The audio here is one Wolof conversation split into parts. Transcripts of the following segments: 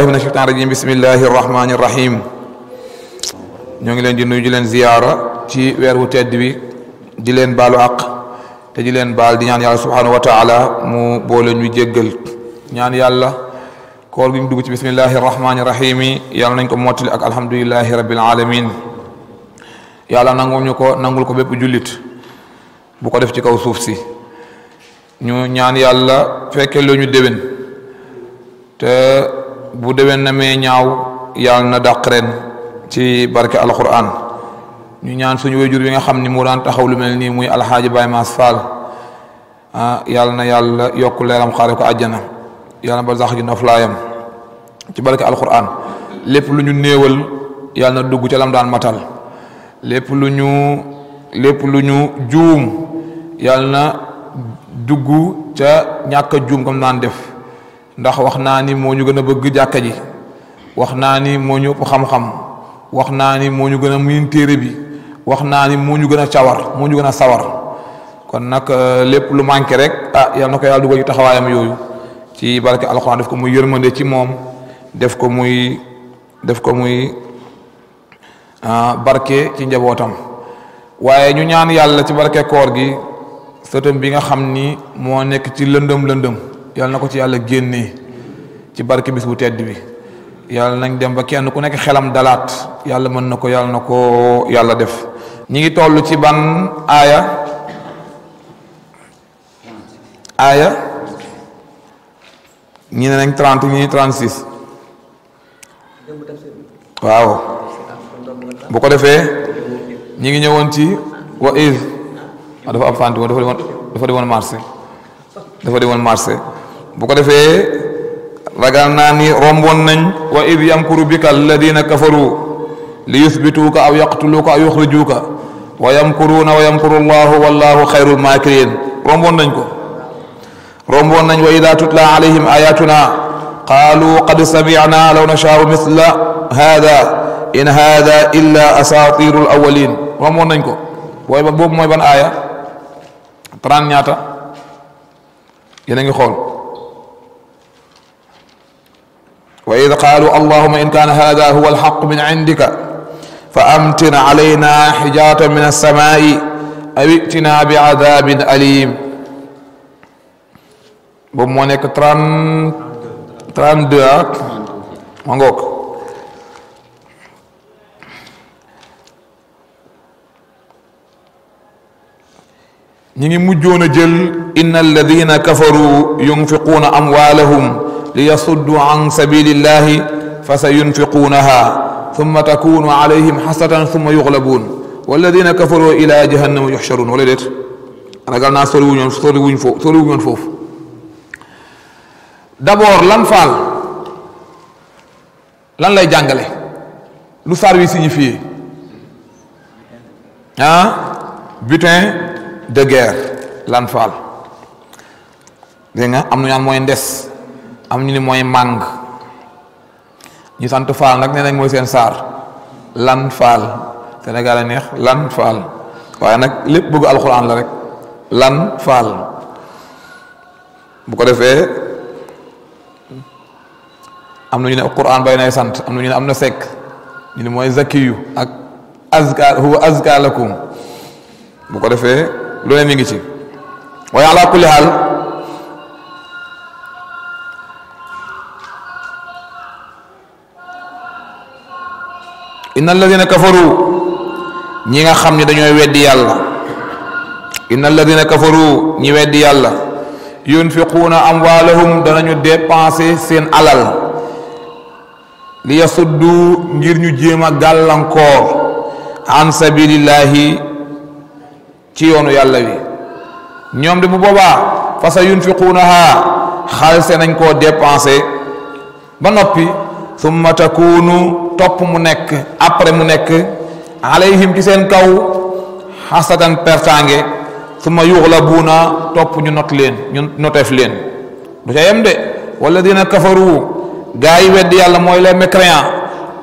billahi min asheytan rajim bismillahi rahmani rahim ñoo ngi leen di nuyu di leen ziyaara ci weer wu tedd bi di leen baalu àq te ji leen baal di ñaan yàlla subhanahu wa taala mu boole ñu jéggal ñaan yàlla koor gi dugg ci bismillahi rahmani rahim yi yàlla nañ ko mottali ak alhamdulilahi rabbil alamin yàlla nangul ñu ko nangul ko bépp jullit bu ko def ci kaw suuf si ñu ñaan yàlla fekke loo ñu te bu déwén na ñaaw yàlla na dàq ren ci barke alquran ñu ñaan suñu wéjur bi nga xam ni moo daan taxaw lu mel nii muy alxaaji Baye Mass Fall ah yàlla na yàlla yokk leeram xaare ko àjjana yàlla na ba sax gi noflaayam ci barke alquran lépp lu ñu néewal yàlla dugg ca lam daan matal lépp lu ñu lu ñu juum yàlla na dugg ca ñàkk a juum kam daan def ndax wax naa ni moo ñu gën a bëgg jàkka ji wax naa ni moo ñu ëpp xam-xam wax naa ni moo ñu gën a miin téere bi wax naa ni moo ñu gën a cawar moo ñu gën a sawar kon nag euh, lépp lu manqué rek ah yàlla na ko yàlla dugal ci taxawaayam yooyu ci barke alxuraan def ko muy yërmande ci moom def ko muy def ko muy ah, barke ci njabootam waaye ñu ñaan yàlla ci barke koor gi sëtam bi nga xam ni moo ci lëndëm lëndëm yalla nako ci yalla genné ci barke bis bu tedd bi yalla nañ dem ba kenn ku nek xelam dalat yalla man nako yalla nako yalla def ñi ngi tollu ci ban aya aya ñi nañ 30 ñi 36 waaw bu ko defé ñi ngi ñewon ci wa iz ah, dafa absenté dafa demoon dafa won marché dafa won marché بوكو ديفي رغالنا ني رومبون نان وا بك الذين كفروا ليثبتوك او يقتلوك او يخرجوك ويمكرون ويمكر الله والله خير الماكرين رومبون نانكو رومبون نان واذا تتلى عليهم اياتنا قالوا قد سمعنا لو نشاء مثل هذا ان هذا الا اساطير الاولين رومبون نانكو واي بوب موي بان ايه ترانياتا ياتا يا وإذ قالوا اللهم إن كان هذا هو الحق من عندك فأمتن علينا حجارة من السماء أو ائتنا بعذاب أليم بمونيك تران تران دوك آه. مانغوك نيجي مجونا جل إن الذين كفروا ينفقون أموالهم ليصدوا عن سبيل الله فسينفقونها ثم تكون عليهم حسدا ثم يغلبون والذين كفروا الى جهنم يحشرون ولدت انا قالنا سولو نيون سولو نيون فوف سولو نيون فوف دابور لان فال لان لاي جانغالي لو سار وي سيغني ها بوتين دو غير لان فال دينا امنو يان موين ديس am ñu ni mooy màng ñu sant faal nag nee mooy seen saar lan faal Sénégal a neex lan faal waaye nag lépp bëgg alxuraan la rek lan faal bu ko defee am na ñu ne Qur'an bay sant am na ñu am na sekk ñu ne mooy zakiyu ak azka huwa azka lakum bu ko defee lu ne mi ngi ci waaye ala kulli haal inna alladina kafaru ñi nga xam ne dañooy wedd yàlla inna alladina kafaru ñi wedd yàlla yunfiquuna amwaalahum danañu dépenser seen alal li yasuddu ngir ñu jéem a gàllankoor an sabilillahi ci yoonu yàlla wi ñoom de bu boobaa fa sa yunfiquunaha xaalis nañ koo dépenser ba noppi summa takunu topp mu nekk après mu nekk alayhim ci seen kaw xasatan pertange summa yuxlabuuna topp ñu not leen ñu noteef leen du ca yem de walladina kafaru gaa yi yàlla mooy les mécréants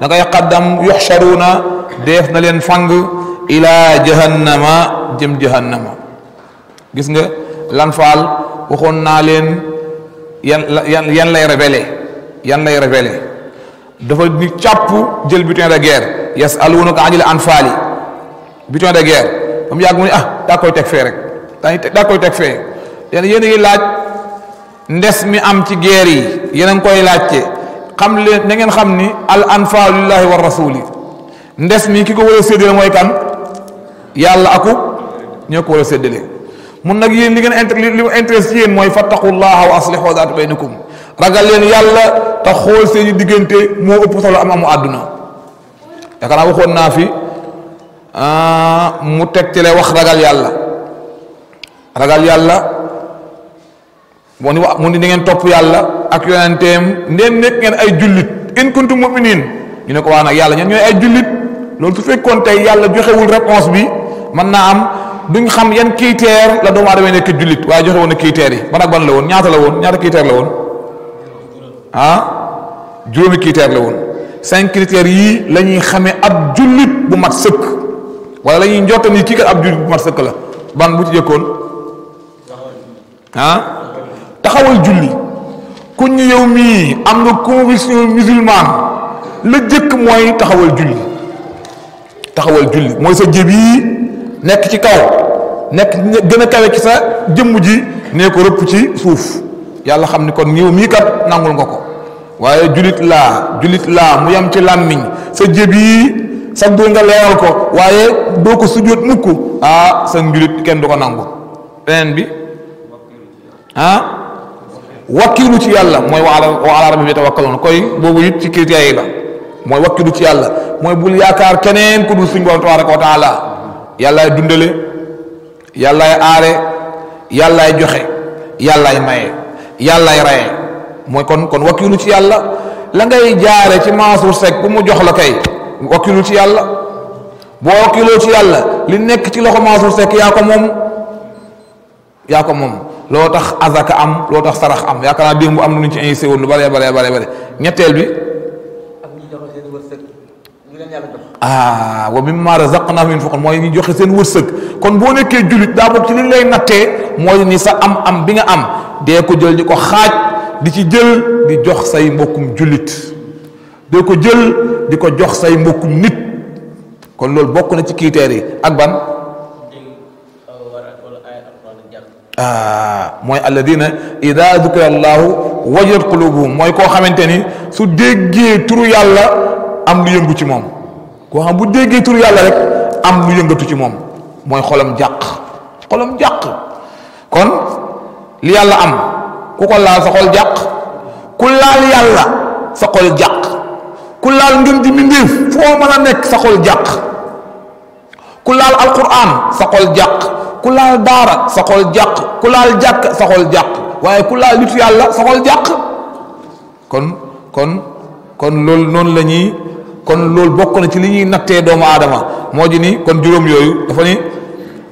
da ngay xaddam yuxcharuuna deef na leen fang ilaa jahannama jëm jahannama gis nga lan faal naa leen yan yan lay révélé yan lay révélé دفع ديك شابو جل بيتون ده غير يقولون ألوونو كأنجيل أنفالي بيتون ده غير هم يعقوني آه دا كوي تكفيرك دا كوي تكفير يعني يعني لا نسمي أم تجيري يعني كوي لا تي كم ل نعين خمني الأنفال لله والرسول نسمي كي كوي سيدنا موي كان يا الله أكو نيو كوي سيدنا من نجيل نعين انتر لي انترسيين موي فتقول الله يقولون ذات بينكم ragal len yalla ta xol seen digeunte mo upp solo am amu aduna yaakaar naa waxoon naa fi ah, mu tek ci lay wax ragal yalla ragal yalla woni ni ni ngeen top yalla ak yonentem nek ngeen ay julit in kuntum mu'minin ñu ne ko waa nag yàlla ñeen ñooy ay julit lolou su fekkoon tey yàlla joxewul réponse bi man na am duñ xam yan critère la doomu aadama nekk jullit waaye joxe woon critère yi ban ak ban la won ñaata la won ñaata critère la won ah juróomi critère la woon cinq critères yii la ñuy xamee ab jullit bu mat sëkk wala la ñuy njortan kii kat ab jullit bu mat sëkk la ban mu ci jëkkoon ah taxawal julli ku yow mii am nga conviction musulmane la jëkk mooy taxawal julli taxawal julli mooy sa jëb yi nekk ci kaw nekk gën a kawe ci sa jëmm ji nee ko rëpp ci suuf yalla xamni kon ñëw mi kat nangul ngoko waye julit la julit la mu yam ci lamiñ sa jebi sa do nga ko waye doko sujud muku ah sa julit ken du ko nangu beneen bi ah wakilu ci yalla moy wala ala ala rabbi tawakkalon koy bobu yit ci critères yi la moy wakilu ci yalla moy bul yaakaar keneen ku du suñ bon tabaraka wa taala yàllaay dundale are yalla ay joxe ay maye yàlla raye mooy kon kon wakkilu ci yàlla la ngay jaare ci Mansour Seck bu mu jox la kay wakkilu ci yàlla boo wakkiloo ci yàlla li nekk ci loxo Mansour Seck yaa ko moom yaa ko moom loo tax azaka am loo tax sarax am yaakaar naa démb am na ñu ci insisté woon lu bare bare bare bare ñetteel bi ah wa mimma razaqnahum yunfiqun mooy ñu joxe seen wërsëg kon boo nekkee jullit daa bokk ci am am bi nga am dee ko jël ñu ko xaaj di ci jël di jox say mbokkum jullit dee ko jël di ko jox say mbokkum nit kon loolu bokk na ci critères yi ak ban ah mooy alladina ida dukira allahu wajat qulubuhum mooy koo xamante ni su déggee turu yàlla am lu yëngu ci moom koo bu déggee lu yëngatu ci moom mooy xolam jàq xolam jàq kon li yàlla am ku ko laal sa xol jàq ku laal yàlla sa xol jàq ku laal foo mën a nekk sa xol jàq ku laal alquran sa xol jàq ku laal daara sa xol jàq ku laal jàkk sa xol jàq waaye ku laal nitu yàlla sa xol jàq kon kon kon loolu noonu la ñuy kon loolu bokk na ci li ñuy nattee doomu aadama moo ji ni kon juróom yooyu dafa ni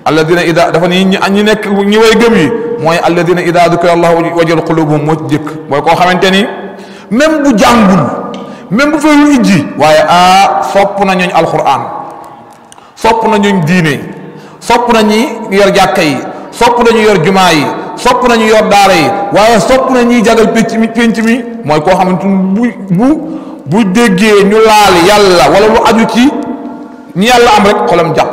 alladina ida dafa ni ñu nekk ñi way gëm yi mooy alladina ida dukira allahu wajal qulubuhum moo ci jëkk mooy koo xamante ni même bu jàngul même bu fayul ijji waaye a sopp na ñooñ alquran sopp na ñooñ diine sopp na ñi yor jàkka yi sopp nañu yor jumaa yi sopp nañu yor daara yi waaye sopp na ñuy jagal pénc mi pénc mi mooy koo xamante bu bu bu déggee ñu laal yàlla wala lu aju ci ñi yàlla am rek xolam jàq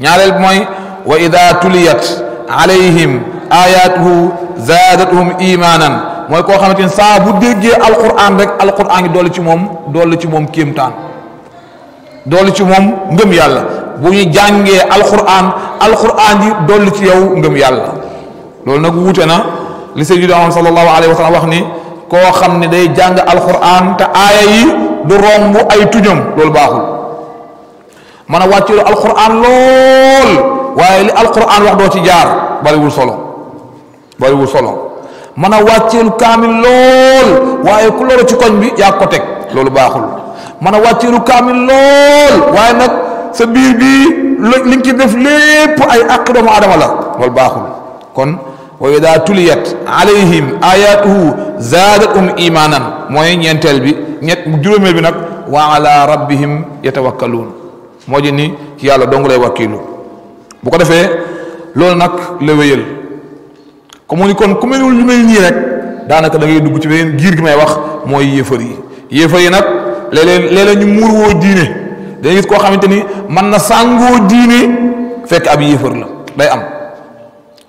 ñaareel mooy wa ida tuliyat alayhim ayatuhu zaadathum imanan mooy koo xamante ni saa bu déggee alquran rek alquran gi dolli ci moom dolli ci moom kéemtaan dolli ci moom ngëm yàlla bu ñu jàngee alquran alquran ji dolli ci yow ngëm yàlla loolu nag wuute na li sëñ bi doon sallallahu alayhi wa sallam wax ni koo xam ne day jàng alquran te aaya yi du romb ay tuñam loolu baaxul mën a wàcceelu alquran lool waaye li alquran wax doo ci jaar bariwul solo bariwul solo mën a wàcceelu kaamil lool waaye ku loolu ci koñ bi yaa ko teg loolu baaxul mën a wàcceelu kaamil lool waaye nag sa bi li ci def lépp ay àq doomu aadama la loolu baaxul kon wa ida tuliyat alayhim ayatuhu zaadatum imaanan mooy ñeenteel bi ñett juróomeel bi nag wa ala rabbihim yatawakkaluun moo ji ni ci yàlla dong lay wakkiilu bu ko defee loolu nag la wéyal comme ni kon ku lu may mel nii rek daanaka da dugg ci beneen giir gi may wax mooy yéefar yi yéefar yi nag léeg-léeg ñu muur woo diine dañuy gis koo xamante ni mën na sàngoo diine fekk ab yéefar la day am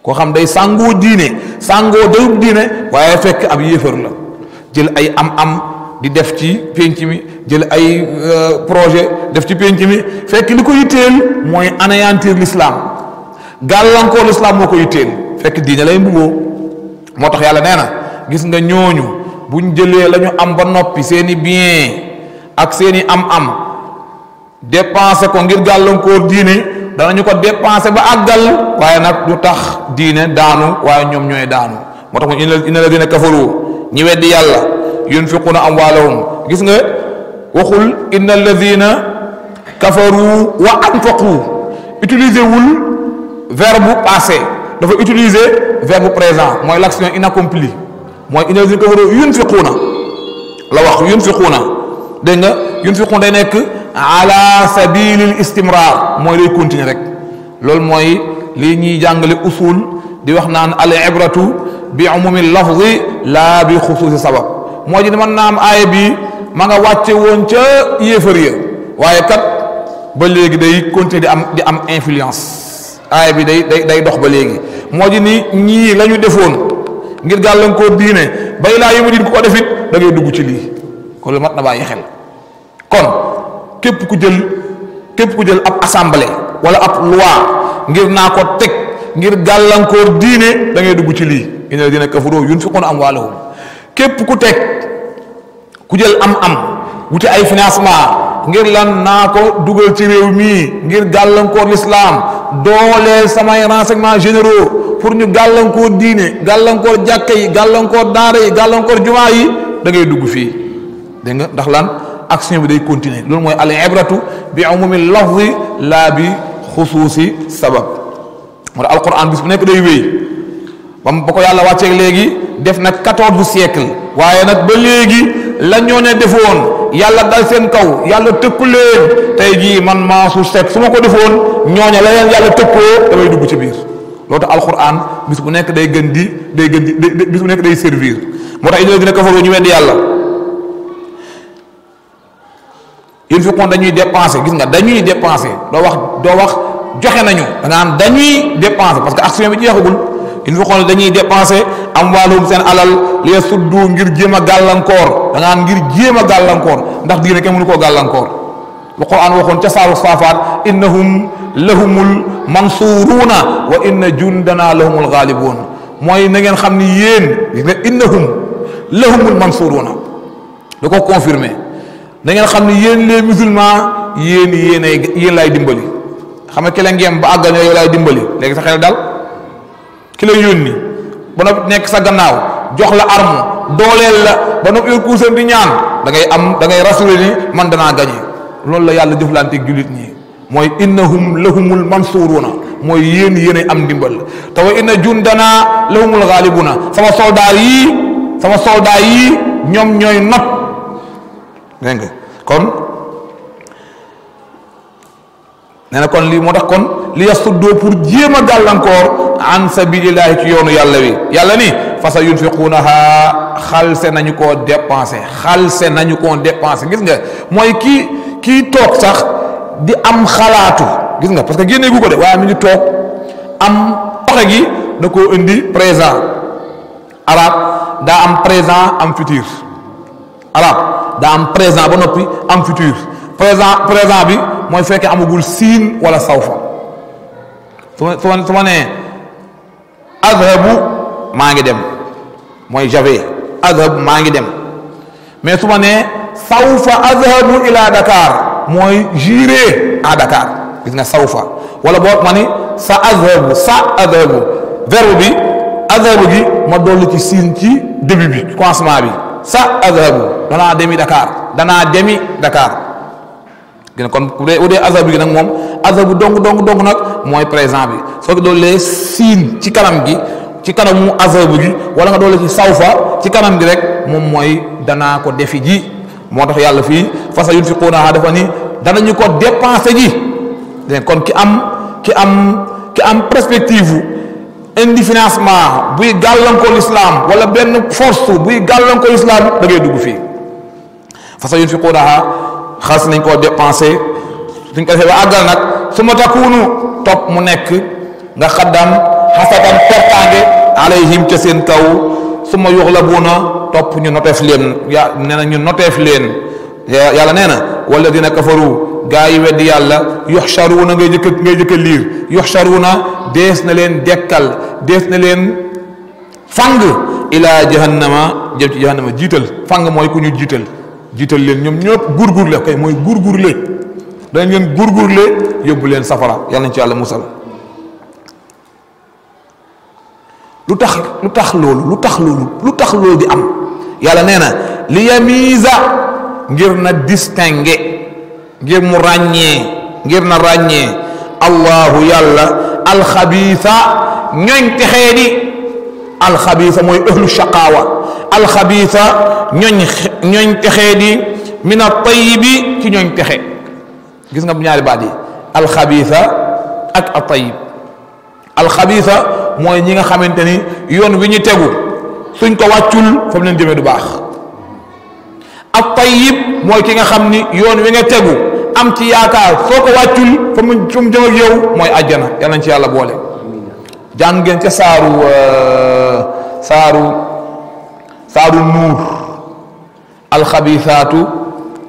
koo xam day sàngoo diine sàngoo dayub diine waaye fekk ab yéefar la jël ay am-am di def ci pénc mi jël ay euh, projet def ci penc mi fekk li ko yitteel mooy anéantir l'islam gàllankoor l'islam moo ko yitteel fekk diine lay mbugoo moo tax yàlla nee na gis nga ñooñu buñ jëlee la ñu am ba noppi seeni bien ak seeni am-am dépensé ko ngir gàllankoor diine danañu ko dépensé ba àggal waaye nag du tax diine daanu waaye ñoom ñooy daanu moo tax mu inna ladina kafaru ñi weddi yàlla yunfiquna amwaalahum gis nga وقل ان الذين كفروا وانفقوا utiliser wul verbe passé da fa utiliser verbe présent moy l'action inaccompli moy ina zin kafaru yunfiquna la wax yunfiquna de nga yunfiqu day nek ala sabil al istimrar moy lay continuer rek lol moy li ñi jàngale usul di wax nan al ibratu bi umum al lafzi la bi khusus sabab moy di man nam am bi ma nga wàcce woon ca yéefar ya waaye kat ba léegi day continuer di am di am influence aay bi day day day dox ba léegi moo ji ni ñii la ñu defoon ngir gàllankoor diine bay laa yu ma diin ku ko defit da ngay dugg ci lii kon lu mat na bàyyi xel kon képp ku jël képp ku jël ab assemblée wala ab loi ngir naa ko teg ngir gàllankoor diine da ngay dugg ci lii inna ladina kafaru am waalo képp ku teg ku jël am-am wuti ay financement ngir lan naa ko dugal ci réew mii ngir gàllankoor l'islam dooleel samay renseignements généraux pour ñu gàllankoor diine gàllankoor jàkk yi gàllankoor daara yi gàllankoor jumaa yi dangay dugg fii dégg nga ndax lan action bi day continuer loolu mooy al ibratu bi umumi lafzi laa bi xusuusi sabab moo tax alquran bis bu nekk day wéy ba ba ko yàlla wàcceeg léegi def na quatorze siècle waaye nag ba léegi la ñoo ne defoon yàlla dal seen kaw yàlla tëpp leen tey jii man maa su Seck su ma ko defoon ñooña la leen yàlla tëppoo damay dugg ci biir loolu tax alquran bis bu nekk day gën di day gën di bis bu nekk day servir moo tax indi la gën a kafaru ñu weddi yàlla yunfiquun dañuy dépenser gis nga dañuy dépenser doo wax doo wax joxe nañu da nga am dañuy dépenser parce que action bi jeexagul yunfiquuna dañuy dépenser amwaalahum seen alal li yasuddu ngir jéem a gàllankoor da ngir jéem a gàllankoor ndax diine kenn mënu ko gàllankoor lu Qur'aan waxoon ca saaru saafaat innahum lahumul mansuruuna wa inna jundanaa lahumul gaalibuun mooy na ngeen xam ni yéen innahum lahumul mansuruuna da ko confirmé na xam ni yéen les musulmans yéen yéen ay yéen laay dimbali xam nga ki la ngeem ba àggal yow laay dimbali léegi sa xel dal kilo yoon yónni ba noppi nekk sa gannaaw jox la arme dooleel la ba noppi yor kuusam di ñaan da ngay am da ngay rassuré ni man danaa gañe loolu la yàlla jëflanteeg jullit ñi mooy innahum lahumul mansuruuna mooy yéen yéen am ndimbal te wa inna jundana lahumul xaalibuuna sama soldaar yii sama soldaar yii ñoom ñooy not dégg kon nee na kon lii moo tax kon li yasuddoo pour jéem a gàllankoor an sabilillahi ci yoonu yàlla wi yàlla ni fa sa yunfiquunaha xalse nañu koo dépensé xalse nañu koo dépensé gis nga mooy kii kii toog sax di am xalaatu gis nga parce que génnee gu ko de waaye mi ngi toog am waxe gi da koo indi présent arab daa am présent am futur arab daa am présent ba noppi am futur présent bi mooy fekk amagul siin wala sawfa su ma su ma su ma nee adhabu maa ngi dem mooy jave adhabu maa ngi dem mais su ma nee sawfa adhabu ila Dakar mooy j'irai à Dakar gis nga sawfa wala boo ma sa adhabu sa adhabu verbe bi adhabu gi ma dolli ci siin ci début bi commencement bi sa adhabu danaa demi Dakar danaa demi Dakar gën kon bu dee bu azab bi nak mom azab dong dong dong nak moy présent bi sok do doolee sin ci kanam gi ci kanamu azab gi wala nga doole ci sawfa ci kanam gi rek mom moy dana ko defi ji yalla fi fa sa yunfiquna ha dafa ni ñu ko dépenser ji dégg kon ki am ki am ki am perspective indi financement buy ko islam wala ben force buy ko l'islam da ngay dugg fii fasa yunfiquunaha xas nañ koo dépensé suñ ko defee ba àggal nag su ma takkuunu topp mu nekk nga xaddam xasatan pertange alayhim ca seen taw su ma yuxlabuuna topp ñu noteef leen ya nee na ñu noteef leen yàlla nee na walladina kafaru gaa yi weddi yàlla yuxcharuuna ngay jëkk ngay jëkk liir yuxcharuuna dees na leen dekkal dees na leen fang ilaa jahannama jëm ci jahannama jiital fang mooy ku ñu jiital jiital leen ñoom ñëpp gurgurle kay mooy gurgurle dañ leen gurgurle yóbbu leen safara yàlla nañ ci yàlla musal lu tax lu tax loolu lu tax loolu lu tax loolu di am yàlla nee na li yamiisa ngir na distinguer ngir mu ràññee ngir na ràññee allahu yàlla alxabiisa ñooñ texee di alxabiisa mooy ahlu shaqaawa alxabiisa ñooñ ñooñ texee di min at-tayyibi ci ñooñ texe gis nga bu ñaari baat yi alxabiisa ak at-tayyib alxabiisa mooy ñi nga xamante ni yoon wi ñu tegu suñ ko wàccul fa mu leen jëmee du baax at-tayyib mooy ki nga xam ni yoon wi nga tegu am ci yaakaar soo ko wàccul fa mu jëm yow mooy àjjana yal ci yàlla boole jàng ca saaru euh, saaru saaru نور الخبيثات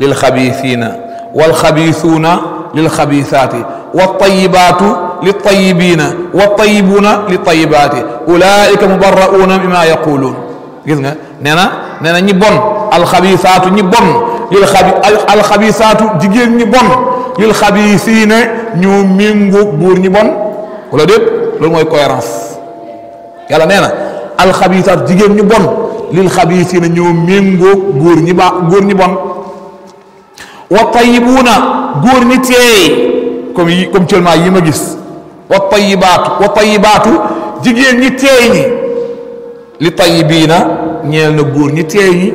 للخبيثين والخبيثون للخبيثات والطيبات للطيبين والطيبون للطيبات اولئك مبرؤون بما يقولون غيسنا نانا نانا ني بون الخبيثات ني بون الخبيثات جيجين ني بون للخبيثين ني مينغو بور ني بون ولا ديت لول موي كويرانس يالا نانا alxabiisaat jigéen ñu bon lil xabiisiina ñoo méngoo góor ñi baax góor ñi bon wa tayibuuna góor ñi teey comme yi comme actuellement yi ma gis wa tayibaatu wa tayibaatu jigéen ñi teey ñi li tayibiina ñeel na góor ñi teey ñi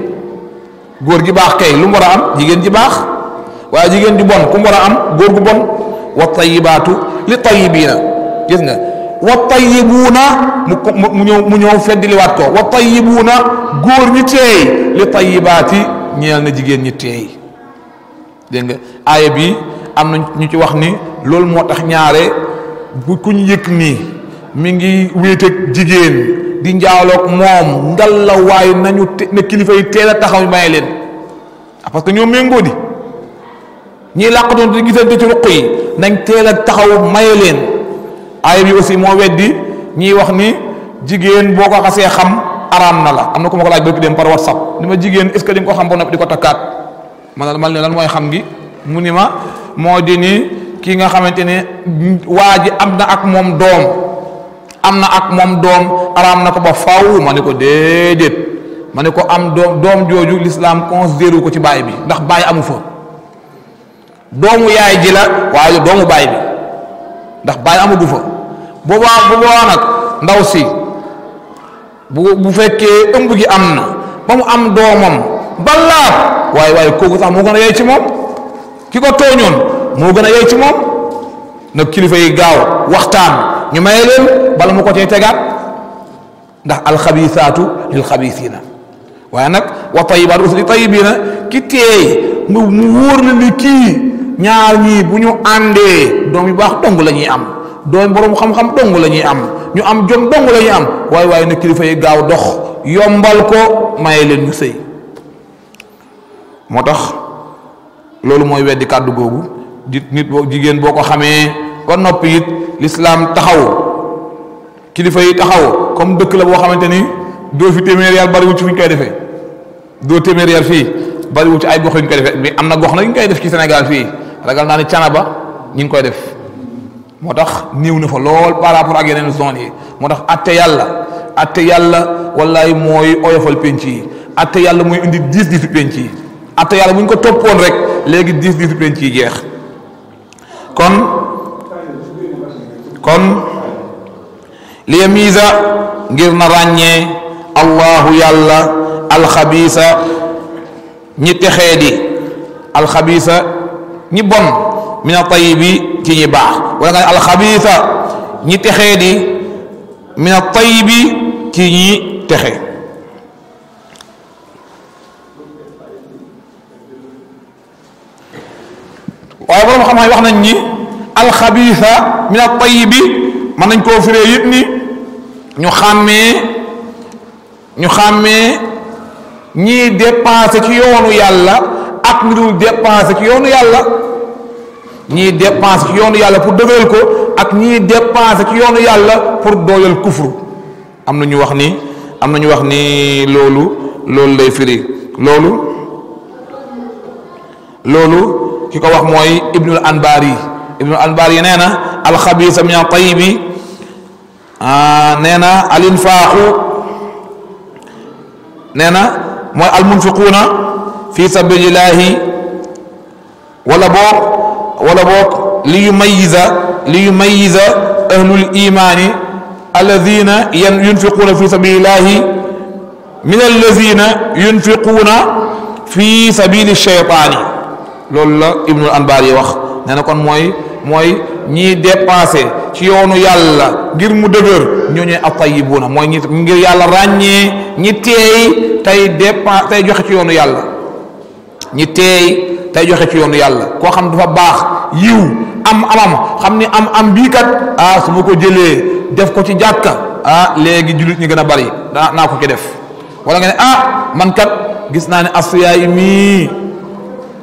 góor gi baax kay lu mu war a am jigéen ji baax waaye jigéen ji bon ku mu war a am góor gu bon wa tayibaatu li tayibiina gis wa na mu mu ñëw mu ñëw feddiliwaat ko wa tayibuuna góor ñi teey li tayibaati ñeel na jigéen ñi teey dégg nga aaya bi am na ñu ci wax ni loolu moo tax ñaare bu kuñ yëg nii mu ngi wéet ak jigéen di njaaloog moom ngal la waay nañu te ne kilifa yi teel a taxaw ñu leen ah, parce que ñoom méngoo di ñiy làqatoon di gisante ci ruq yi nañ teel a taxaw maye leen aaya bi aussi moo weddi ñiy wax ni jigéen boo ko xasee xam araam na la am na ku ma ko laaj bëgg dem par whatsapp ni ma jigéen est ce que di nga ko xam ba noppi di ko takkaat man mooy xam gi mu ni ma moo di ni kii nga xamante ne waa ji am na ak moom doom am na ak moom doom araam na ko ba faaw ma ne ko déedéet ma ne ko am doom doom jooju l'islam considéré ko ci baay bi ndax baay amu fa doomu yaay ji la waaye doomu baay bi. ndax bàyyi amadu fa boobaa boobaa nag ndaw si bu bu fekkee ëmb gi am na ba mu am doomam balaa waaye waaye kooku sax moo gën a yey ci moom ki ko tooñoon moo gën a yey ci moom nag kilifa yi gaaw waxtaan ñu may leen bala mu ko cay tegaat ndax alxabisaatu lil xabisiina waaye nag wa tayibaatu li tayibiina ki teey mu wóor na kii ñaar ñii bu ñu àndee doom yu baax dong la ñuy am doom boroom xam-xam dong la ñuy am ñu am jom dong la am waaye waaye na kilifa yi gaaw dox yombal ko maye leen ñu sëy moo tax loolu mooy weddi kàddu googu di nit boo jigéen boo ko xamee ba noppi it lislaam taxaw kilifa yi taxaw comme dëkk la boo xamante ni doo fi téeméer yàlla bariwul ci fu ñu koy defee doo téeméer yàlla fii bariwul ci ay gox yu ñu koy defee am na gox nag ñu koy def ci senegal fii ragal naa ni canaba ñi ngi koy def moo tax néew na fa lool par rapport ak yeneen zone yi moo tax atte yàlla atte yàlla wallaay mooy oyofal penc yi atte yàlla muy indi diis diisu penc yi atte yàlla bu ñu ko toppoon rek léegi diis diisu penc yi jeex kon kon liya miisa ngir na ràññee allahu yàlla alxabiisa ñi texee di alxabiisa ñi bon min a tayibi ci ñi baax wala nga ne ñi texee di min a ci texe waaye xam-xam yi wax nañ ni alxabiisa min a tayibi mën nañ koo firee yëpp ni ñu xàmmee ñu xàmmee ñii dépensé ci yoonu yàlla ak lu dul dépenser ci yoonu yàlla ñii dépenser ci yoonu yàlla pour dëgëral ko ak ñii dépenser ci yoonu yàlla pour dooleel kufru am na ñu wax ni am na ñu wax ni loolu loolu lay firi loolu loolu ki ko wax mooy ibnul anbaar yi ibnul anbaar yi nee na alxabisa min altayibi ah, nee na alinfaaqu nee na mooy almunfiquuna fi sabilillahi wala boog wala boog li yumayyiza li yumayyiza ahlul imaani alladina yunfiquuna fi sabilillahi min alladina yunfiquuna fi sabili shaytaani fi la Ibnul Anbar yi wax nee kon mooy mooy ñii dépensé ci yoonu yàlla ngir mu dëgër ñoo ñooy mooy ñi ngir yàlla ràññee ñi teey tey dépense tey joxe ci yoonu yàlla ñi teey tey joxe ci yoonu yàlla koo xam dafa baax yiw am amam xam ni am am bii kat ah su ma ko jëlee def ko ci jàkka ah léegi jullit ñi gën a bari naa naa ko ci def wala nga ne ah man kat gis naa ne asuyaay mii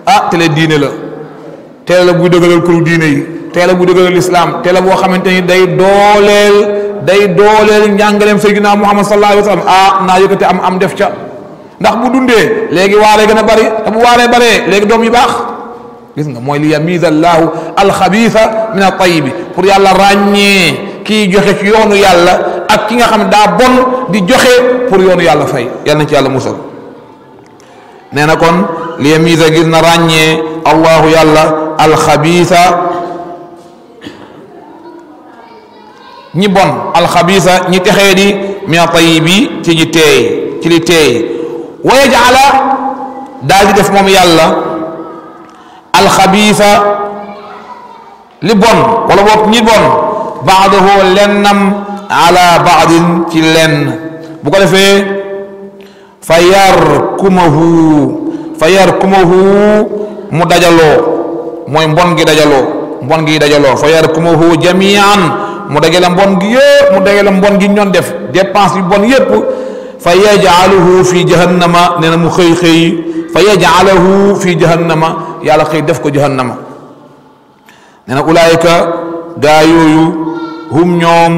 ah tele diine la tele la buy dëgëral kuru diine yi tele la buy dëgëral islam tele boo xamante ni day dooleel day dooleel njàngaleem sayyidina Muhammad sallallahu alayhi wa sallam ah naa yëkkati am am def ca. ndax bu dundee léegi waalee gën a bari te bu waalee baree léegi doom yu baax gis nga mooy li yamiza allahu alxabiisa min atayibi pour yàlla ràññee kii joxe ci yoonu yàlla ak ki nga xam ne daa bon di joxe pour yoonu yàlla fay yàlla na ci yàlla musal nee na kon li yamiza gis na ràññee allahu yàlla alxabiisa ñi bon alxabiisa ñi texee di min atayibi ci ñi teey ci li teey wa yajala daal def moom yàlla alxabiisa li bon wala boog ñi bon baadahu lennam ala baadin ci lenn bu ko defee fa yarkumahu fa yarkumahu mu dajaloo mooy mbon ngi dajaloo mbon gi dajaloo fa yarkumahu jamian mu dajale mbon gi yëpp mu dajale mbon gi ñoon def dépense yu bon yëpp fa yajaaluhu fi jahannama nee na mu xëy xëy fa yajaalahu fi jahannama yàlla xëy def ko jahannama nee na ulaayka gaa yooyu hum ñoom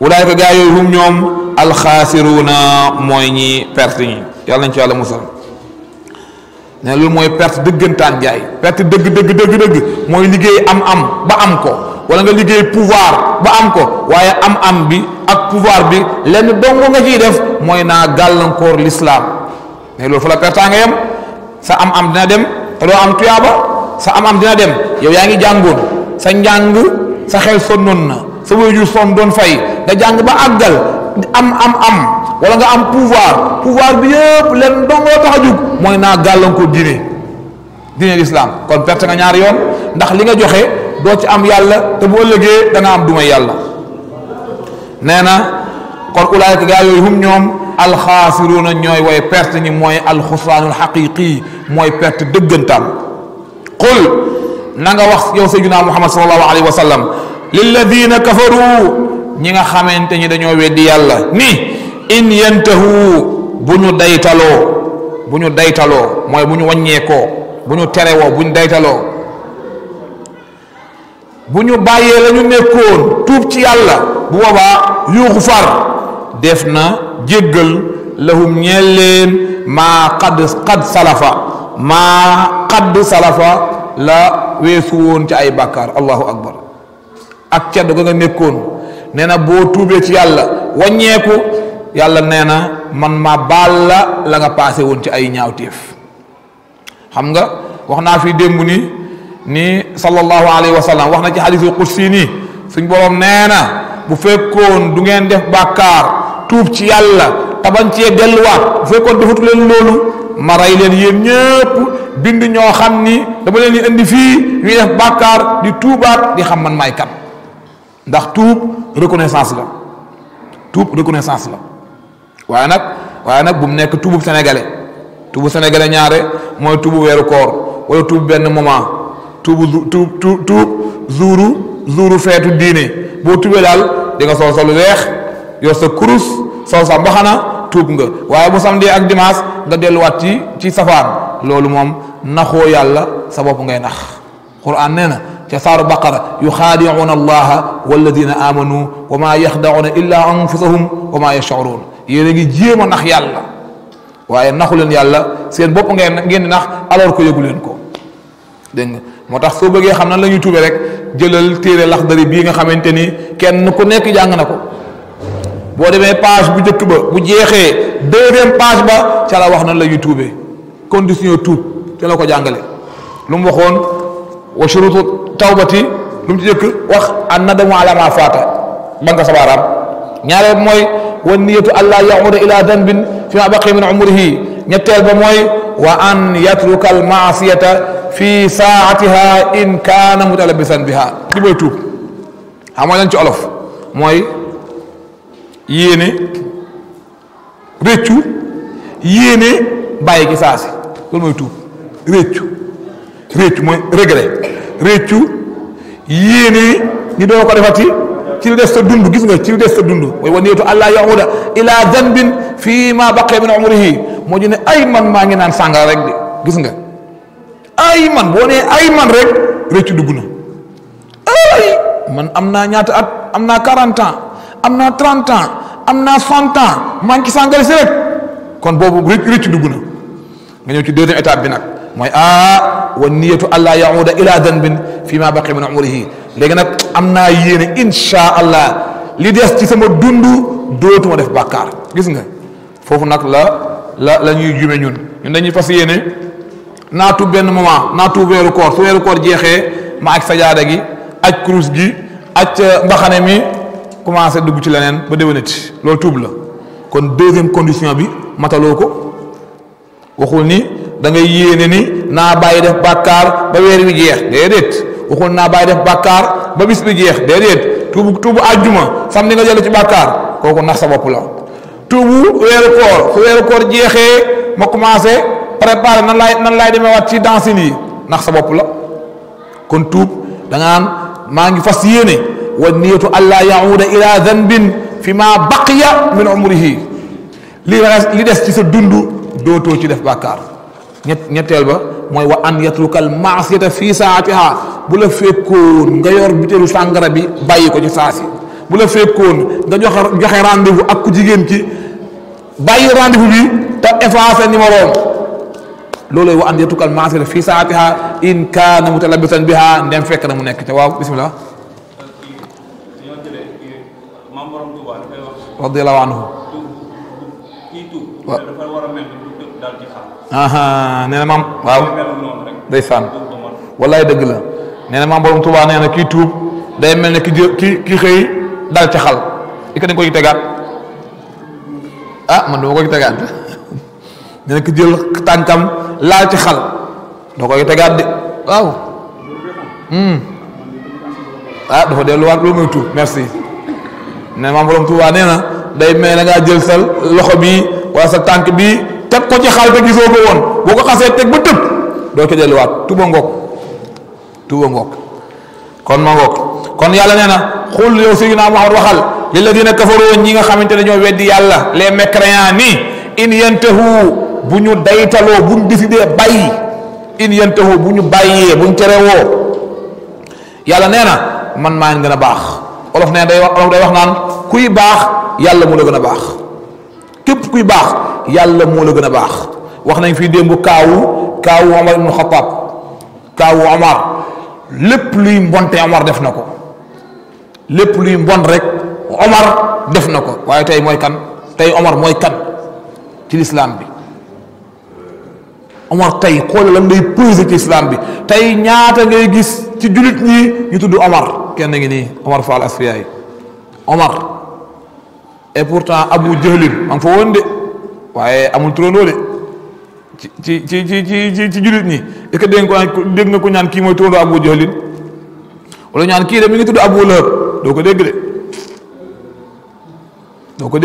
ulaayka gaa yooyu hum ñoom alxaasiruuna mooy ñi perte ñi yàlla nañ ci yàlla musal ne lu mooy perte dëggantaan jaay perte dëgg dëgg dëgg dëgg mooy liggéey am am ba am ko wala nga liggéey pouvoir ba am ko waaye am am bi ak pouvoir bi lenn dong nga ciy def mooy naa gàllankoor l'islam mais loolu fa la pertaa nga yem sa am am dina dem te doo am tuyaaba sa am am dina dem yow yaa ngi jàngoon sa njàng sa xel sonnoon na sa wéyjur son doon fay nga jàng ba àggal am am am wala nga am pouvoir pouvoir bi yëpp lenn dong la tax a jug mooy naa gàllankoor diine diine l'islam kon perte nga ñaari yoon ndax li nga joxe دوتي ام يالا تا بو لغي دا نا ام دوما يالا نانا كون اولائك غا يوي هم نيوم الخاسرون نيوي واي بيرت ني موي الخسران الحقيقي موي بيرت دغنتام قل نغا واخ يو سيدنا محمد صلى الله عليه وسلم للذين كفروا نيغا خامتني دانيو ويدي يالا ني ان ينتهوا بونو دايتالو بونو دايتالو موي بونو واغنيكو بونو تريو بونو دايتالو bu ñu bàyyee lañu ñu nekkoon tuub ci yàlla bu boobaa yuuxu far def na jéggal lahum ñeel leen maa qad qad salafa maa qad salafa la weesu woon ci ay bàkkaar allahu akbar ak cedd ga nga nekkoon nee na boo tuubee ci yàlla wàññeeku yàlla nee na man ma baal la la nga paase woon ci ay ñaawteef xam nga wax naa fi démb ni ni sallallahu alaihi wasallam. waxna ci hadithul qudsi ni suñ borom neena bu fekkon du ngeen def bakar tuub ci yalla taban cee delluwaat bu fekkoon defatu leen loolu ma ray leen yéen bind ñoo dama len di indi fi ñu def bakar di hamman di xam man may kat ndax tuub reconnaissance la tuub reconnaissance la waye nak waye nak bu mu nekk tuubu senegalais tuubu senegalais ñaare moy tuubu wéru koor wala tuubu ben moment tuubu tuub tuub tuub zuuru zuuru feetu diine boo tuubee daal di nga sol sa lu weex yor sa kurus sol sa mbaxana tuub nga waaye bu samedi ak dimanche nga delluwaat ci ci safaan loolu moom naxoo yàlla sa bopp ngay nax quran nee na ca saaru baqara yuxaadicuuna allaha walladina amanu wa maa yaxdacuuna illa anfusahum wa maa yashcuruun yéen a ngi jéem a nax yàlla waaye naxu leen yàlla seen bopp ngeen ngeen nax alors que yëgu leen ko dégg nga moo tax soo bëggee xam nan la ñuy tuube rek jëlal téere Laxdari bii nga xamante ni kenn ku nekk jàng na ko boo demee page bu njëkk ba bu jeexee deuxième page ba ca la wax na la ñuy tuube condition tuub ca la ko jàngale lu mu waxoon wa shurutu tawbati lu mu jëkk wax an nadamu ala ma faata ba nga sabaaraam ñaareel mooy wa niyatu an laa yahuda ila danbin fi ma baqiya min umrihi ñetteel ba mooy wa an yatruka al maasiyata fi saatiha in kaana mutalabisan biha di mooy tuub xam nga lan ci olof mooy yéene réccu yéene bàyyi ki saasi loolu mooy tuub réccu réccu mooy regret réccu yéene ñu doo ko defati ci lu des sa dund gis nga ci lu des sa dund mooy wa niyatu allah yahuda ila zanbin fii ma baqiya min umrihi moo ñu ne ay man maa ngi naan sàngara rek gis nga ay man boo nee ay man rek rëccu dugg na ay man am naa ñaata at am naa quarante ans am naa trente am naa soixante ans maa ngi ci sàngara rek kon boobu rëccu dugg na nga ñëw ci deuxième étape bi nag mooy ah wa niyatu allah yahuda ila zanbin fii ma baqiya min umrihi le nak amna yene inshallah li des ci sama dundu dootuma def gis nga fofu nak la la jume ñun ñun dañuy ont moment wéru koor su wéru koor là, ma ak gi gi euh, mbaxane mi commencé dugg ci ba la deuxième condition bi waxul ni da ngay yéene ni naa bàyyi def bàkkaar ba weer wi jeex déedéet waxoon naa bàyyi def bàkkaar ba bis bi jeex déedéet tuubu tuubu àjjuma ni nga jël ci bàkkaar kooku nax sa bopp la tuubu weeru koor fu weeru koor jeexee ma commencé préparer nan laay nan laay demee waat ci dansin yi nax sa bopp la kon tuub da maa ngi fas yéene wa niyatu allah yauda ila dhanbin fi ma baqiya min umrihi li li des ci sa dund dootoo ci def bàkkaar nyet ñetteel ba moy wa an yatrukal ma'siyata fi saatiha bu la fekkoon nga yor bitelu sangara bi bayiko ci saasi bu la fekkoon nga joxe joxe rendez-vous ak ku jigen ci bàyyi rendez-vous bi te effacé numéro loolu wa an yatrukal ma'siyata fi saatiha in kana mutalabisan biha ndem fekk na mu nekk ci waaw bismillah radiyallahu anhu aha nee na maam waaw ndeysaan nenemam, dëgg la nee na borom ki ki dal ci xal i dañ tegaat ah man dama ko tegaat nee ki jël ci xal de waaw hmm. ah dafa tuub merci nee na borom Tuubaa nee day mel jël sa loxo bi teg ko ci xal te gisoo ko woon boo ko xasee teg ba tëb doo ci delluwaat tuba ngoog tuba ngoog kon ma ngoog kon yàlla nee na xul yow sayyidina Muhammad waxal lilladina kafaru ñi nga xamante ne ñoo weddi yàlla les mécréants ni in yantahu bu ñu daytaloo bu ñu décidé bàyyi in yantahu bu ñu bàyyee bu ñu terewoo yàlla nee na man maa ngi gën a baax olof nee day wax olof day wax naan kuy baax yàlla mu la gën a baax képp kuy baax yàlla moo la gën a baax wax nañ fii démb kaawu kaawu Omar ibnu Xataab kaawu Omar lépp luy mbonte Omar def na ko lépp luy mbon rek Omar def na ko waaye tey mooy kan tey Omar mooy kan ci lislaam bi Omar tey xoolal lan ngay peser ci islam bi tey ñaata ngay gis ci jullit ñi ñu tudd Omar kenn ngi nii Omar Fall Asfiyaay Omar. et pourtant Abu Jahlin ma nga woon de waaye amul turandoo de ci ci ci ci ci ci jullit ñi est-ce dégg nga ko dégg nga ko ñaan kii mooy turandoo Abu Jahlin wala ñaan kii de mi ngi tudd Abu Lahab doo ko dégg de doo ko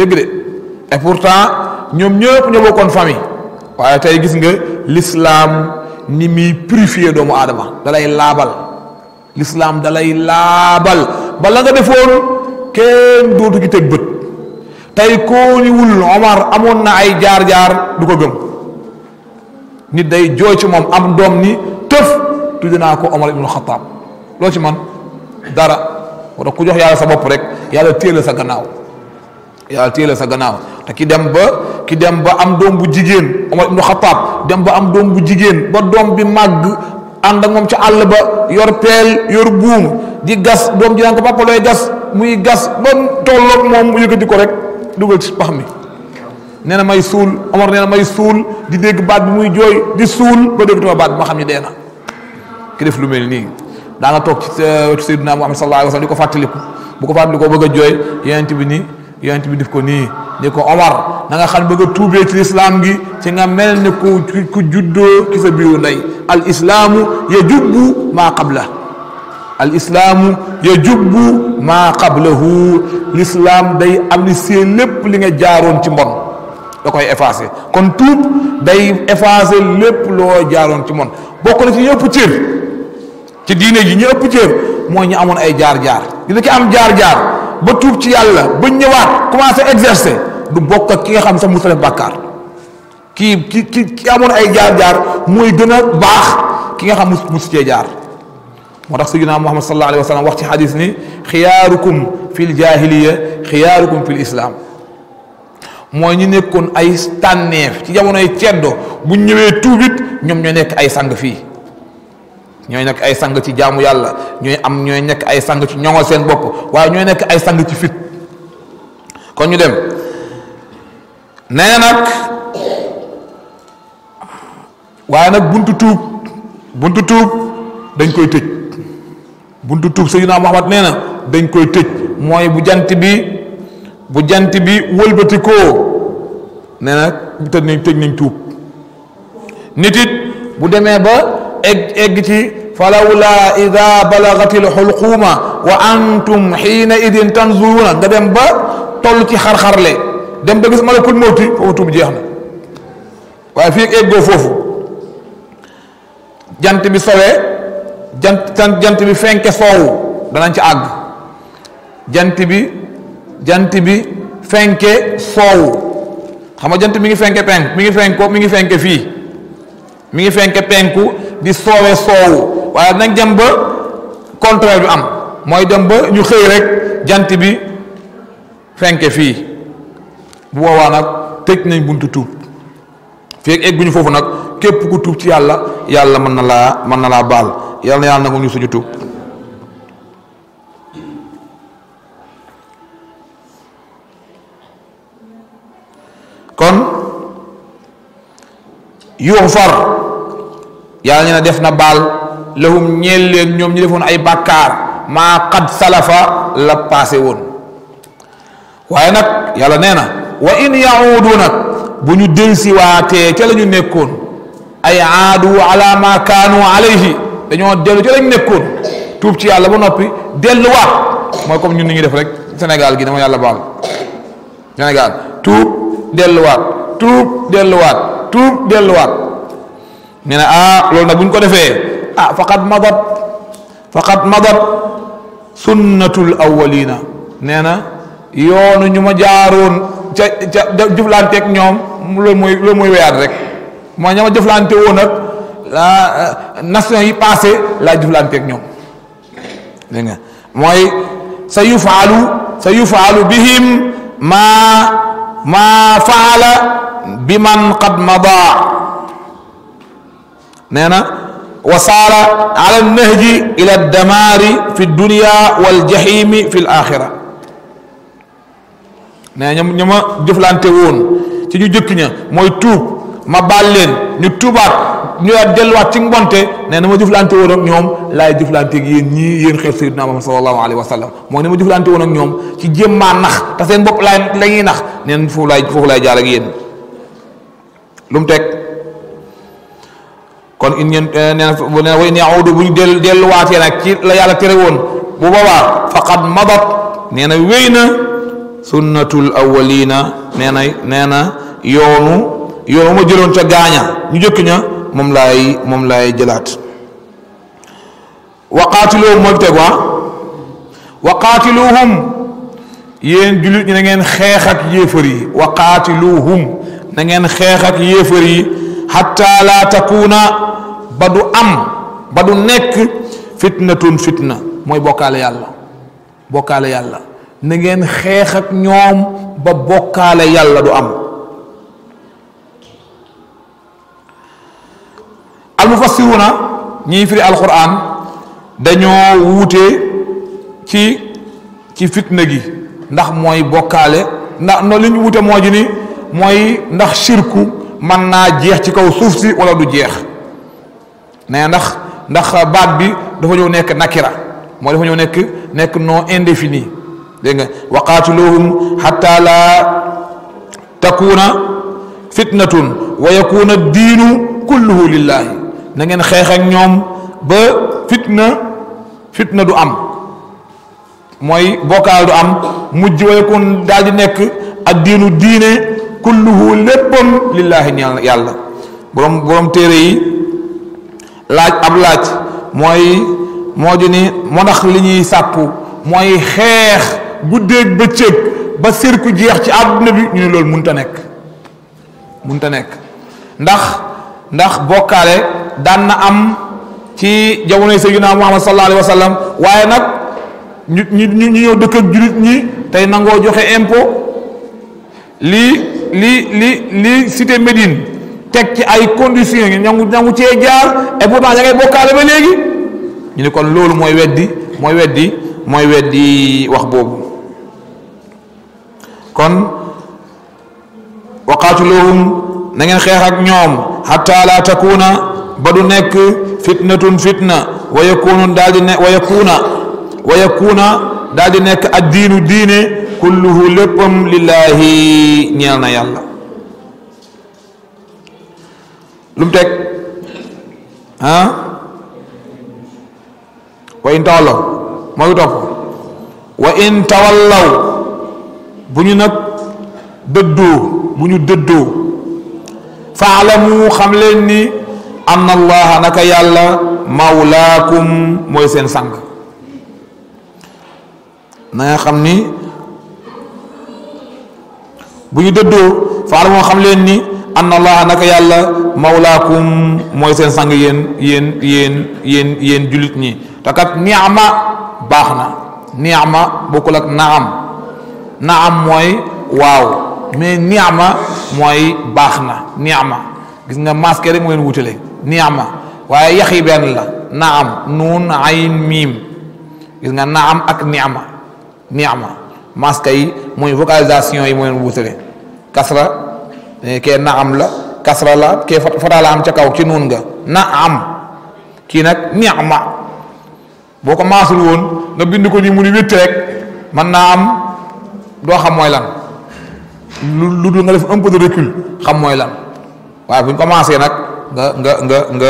pourtant ñoom ñëpp ñoo bokkoon famille waaye tey gis nga l'islam ni muy purifier doomu aadama dalay laabal l'islam dalay laabal bala nga defoon kenn dootu ci teg bët. tay ko ni wul omar amon na ay jaar-jaar du ko gem nit day jooy ci mom am dom ni teuf tudina ko omar ibn khattab lo ci man dara wala ku jox yalla sa bop rek yalla ya sa gannaaw yalla téela sa gannaaw ta ki dem ba ki dem ba am dom bu jigen omar ibn khattab dem ba am dom bu jigen ba dom bi mag and ak mom ci all ba yor pel yor boom di gas dom ji naan ko papa loy gas muy gas ba tolloog moom mu ko rek dugal ci pax mi nee na may suul Omar nee na may suul di dégg baat bi muy jooy di suul ba déggatuma baat bi ma xam ne dee na ki def lu mel nii daana toog ci wetu Seydina Muhammad sallallahu alayhi wa sallam di ko fàttaliku bu ko fàttalikoo bëgg a jooy yonent bi nii yonent bi def ko nii ni ko Omar na nga xam bëgg a tuubee ci lislaam gi ci nga mel ne ku ku juddoo ki sa biiru ndey al islaamu yajubbu maa qabla al islaamu yajubbu maa qablahu l'islaam day am amnistier lépp li nga jaaroon ci mbon da koy effacer kon tuub day effacer lépp loo jaaroon ci mbon bokk na ci ñu ëpp cër ci diine ji ñu ëpp cër mooy ñu amoon ay jaar-jaar dina ki am jaar-jaar ba tuub ci yàlla ba ñëwaat commencé exercer du bokk ak ki nga xam sax mu def bàkkaar kii ki ki ki amoon ay jaar-jaar mooy gën a baax ki nga xam mu mus cee jaar moo tax sayyidina Muhammad sallallahu alayhi wa sallam wax ci xadis ni xiyaarukum fil jaahiliya xiyaarukum fil islam mooy ñi nekkoon ay tànneef ci jamonoy ceddo bu ñëwee tuubit ñoom ñoo nekk ay sang fii ñooy nekk ay sang ci jaamu yàlla ñooy am ñooy nekk ay sang ci ñoŋol seen bopp waaye ñooy nekk ay sang ci fit kon ñu dem nee na nag waaye nag buntu tuub buntu tuub dañ koy tëj buntu tuub sayyidina muhammad neena dañ koy tëj moy bu jant bi bu jant bi wolbeuti ko neena te ne tëj nañ tuub nitit bu deme ba egg egg ci falawla idha balagatil hulquma wa antum hina idin tanzuruna da dem ba tollu ci xar xar le dem ba gis malakul mawti foofu tuub jeexna way fi fii eggoo foofu jant bi sawé jant kan jant bi fenke soowu danañ ci àgg jant bi jant bi fenke soowu xam nga jant mi ngi fenke penk mi ngi fenko mi ngi fenke fii mi ngi fenke penku di soowe soowu waaye nañ dem ba contraire bi am mooy dem ba ñu xëy rek jant bi fenke fii bu boobaa nag tëj nañ buntu tuub feeg egguñu foofu nag képp ku tuub ci yàlla yàlla mën na laa mën na laa baal yàlla na yàlla nangu ñu suñu tuub kon yuux far yàlla nee na def na baal lahum ñeel leen ñoom ñu defoon ay bàkkaar maa qad salafa la paase woon waaye nag yàlla nee na wa in yahuudu bu ñu delsiwaatee ca la ñu nekkoon ay aadu ala kaanu alayhi dañoo dellu ca la ñu nekkoon tuub ci yàlla ba noppi delluwaat mooy comme ñun ni ñu def rek Sénégal gi dama yàlla baal Sénégal tuub delluwaat tuub delluwaat tuub delluwaat nee na ah loolu nag bu ñu ko defee ah faqad madat faqad madat sunnatul awwalina nee na yoonu ñu ma jaaroon ca ak jëflanteeg ñoom loolu mooy loolu mooy weyaat rek mo ñama jëflante wo nak la nation yi passé la laa ak ñoom dégg nga moy sayufalu sayufalu bihim ma ma faala biman qad mada neena na wasaala ala nahji ila damaari fi dunia wal jahimi fi l axira nee ña ña ma jëflante woon ci ñu jëkk ña mooy tuub ma baal leen ñu tuubaat ñu daal delluwaat ci mbonte nee na ma jëflante woon ak ñoom laay jëflante ak yéen ñii yéen xeet sayyidina Muhammad sallallahu alayhi wa sallam mooy ne ma jëflante woon ñoom ci jéem maa nax te seen bopp laay la ñuy nax neen foofu laay foofu laay jaar yéen lu mu teg kon in ñeen eh, nee na nee wa in yahudu bu delluwaatee nag ci la yàlla tere woon bu boobaa faqad madat nee na na sunnatul awwalina nee na nee na yoonu yoonu ma jëloon ca gaaña ñu jëkk ña moom laay jëlaat wa qaatiluhum mooy teg waa ah. wa qaatiluhum yéen jullit ñi na ngeen xeex ak yéefar yi wa qaatiluhum na ngeen xeex ak yéefar yi xatta laa takuuna ba du am ba du nekk fitnatu fitna mooy bokkaale yàlla bokkaale yàlla na ngeen xeex ak ñoom ba bokkaale yàlla du am almufassiruna ñiy firi alquran dañoo wuute ci ci fitna gi ndax mooy bokkaale ndax no li ñu wuute ji ni mooy ndax shirku mën naa jeex ci kaw suuf si wala du jeex ne ndax ndax baat bi dafa ñëw nekk nakira mooy dafa ñëw nekk nekk noo indéfini وقاتلوهم حتى لا تكون فتنه ويكون الدين كله لله نين خيخ اك نيوم با فتنه فتنه دو ام موي بوكال دو ام مجي ويكون دال دي نيك الدين دين كله لبم لله يالا بروم بروم تيري لاج اب لاج موي موجي ني مونخ لي ني ساكو موي خيخ guddeeg bëccëg ba sirku jeex ci àdduna bi ñu ne loolu ta nekk mun ta nekk ndax ndax bokkaale daan na am ci jamonoy sayyidina Muhammad sallallahu alayhi wa sallam waaye nag ñu ñu ñu ñëw dëkk ak jullit ñi tey nangoo joxe impo lii lii li lii cité Médine teg ci ay conditions yi ñangu ñangu cee jaar et pourtant ña ngay bokkaale ba léegi ñu ne kon loolu mooy weddi mooy weddi mooy weddi wax boobu kon waqaatiluhum na xeexak xeex ak ñoom xataa laa takuuna ba du nekk fitnatun fitna wa yakunu daal di yakuna wa nekk ad diinu diine kulluhu léppam lillaahi ñeel na yàlla lum mu teg ah wa in tawallaw mooy topp wa in tawallaw bu ñu nag dëddoo bu ñu dëddoo faalamu xam leen ni anna allaha naka yàlla mawlaakum mooy seen sang na nga xam ni bu ñu dëddoo faalamu xam leen ni anna allaha naka yàlla mawlaakum mooy seen sang yéen yéen yéen yéen yéen jullit ñi te kat niama baax na niama bokkul ak naam naa am mooy waaw mais ma mooy baax na niama gis nga masque rek moo leen neex ma waaye yax la benn la naam nuun ayn miim gis nga am ak ma neex ma masque yi mooy vocalisation yi moo leen wutale kasra eh, kee naam la kasra la kee fataa am ca kaw ci nuun nga am kii nag niama boo ko maasul woon nga bind ko nii mu ni wétti rek mën naa am do xam moy lan lu dul nga def un peu de recul xam moy lan waaye buñ commencé nag nga nga nga nga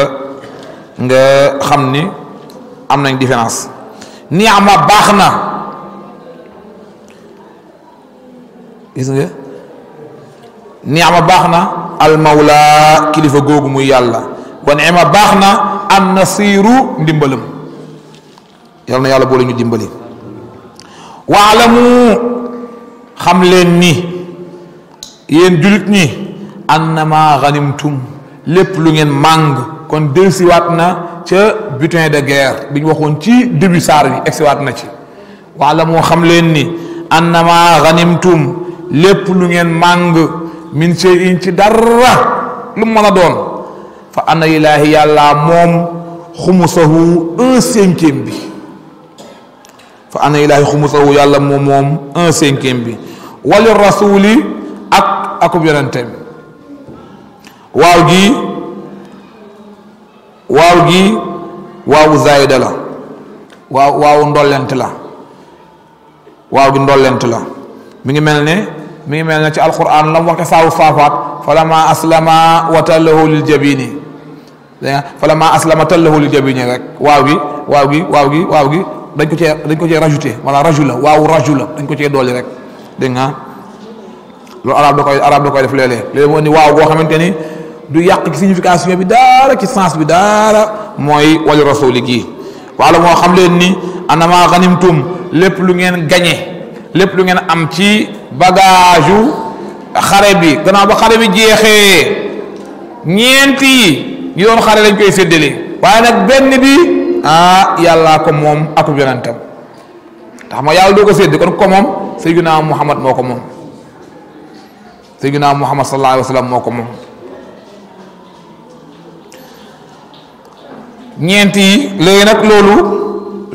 nga xam ni am nañ différence niama baax na gis nga niama baax al mawla kilifa googu muy yàlla wa niama baax na an nasiru ndimbalam yàlla na yàlla boole ñu dimbali alamu xam leen ni yéen julit ñi annama ghanimtum lépp lu ngeen màng kon delsiwaat na ca butin de guerre bi ñu waxoon ci début saar bi egsiwaat na ci wala moo xam leen ni annama ghanimtum lépp lu ngeen màng min shay'in ci dara lu mën a doon fa ana ilaahi yàlla moom xumusahu un cinquième bi fa ana ilaahi xumusahu yàlla moom moom un cinquième bi wali rasuli ak akub waaw gi waaw gi waawu zaayida la waaw waawu ndollent la waaw gi ndollent la mi ngi mel ne mu ngi mel ne ci alquran la mu wax ca saawu saafaat falama aslama wa tallahu lil jabini falama aslama tallahu lil jabini rek waaw gi waaw gi waaw gi waaw gi dañ ko cee dañ ko cee rajouté wala rajula waaw rajula dañ ko cee dolli rek nga arab da koy arab da koy def léeg-léeg léeg moo ni waaw goo xamante ni du yàq ci signification bi dara ci sens bi dara mooy wali rasuli gii wala moo xam ni anama ghanimtum lépp lu ngeen gagné lépp lu ngeen am ci bagage xare bi gannaaw ba xare bi jeexee ñeent yoon xare lañ koy benn bi ah yàllaa ko moom akub yonentam tax ma yàlla doo ko sédd kon ko moom sayyidina Muhammad moo ko moom sayyidina Muhammad sallallahu alayhi wa moo ko moom ñeent yi léegi nag loolu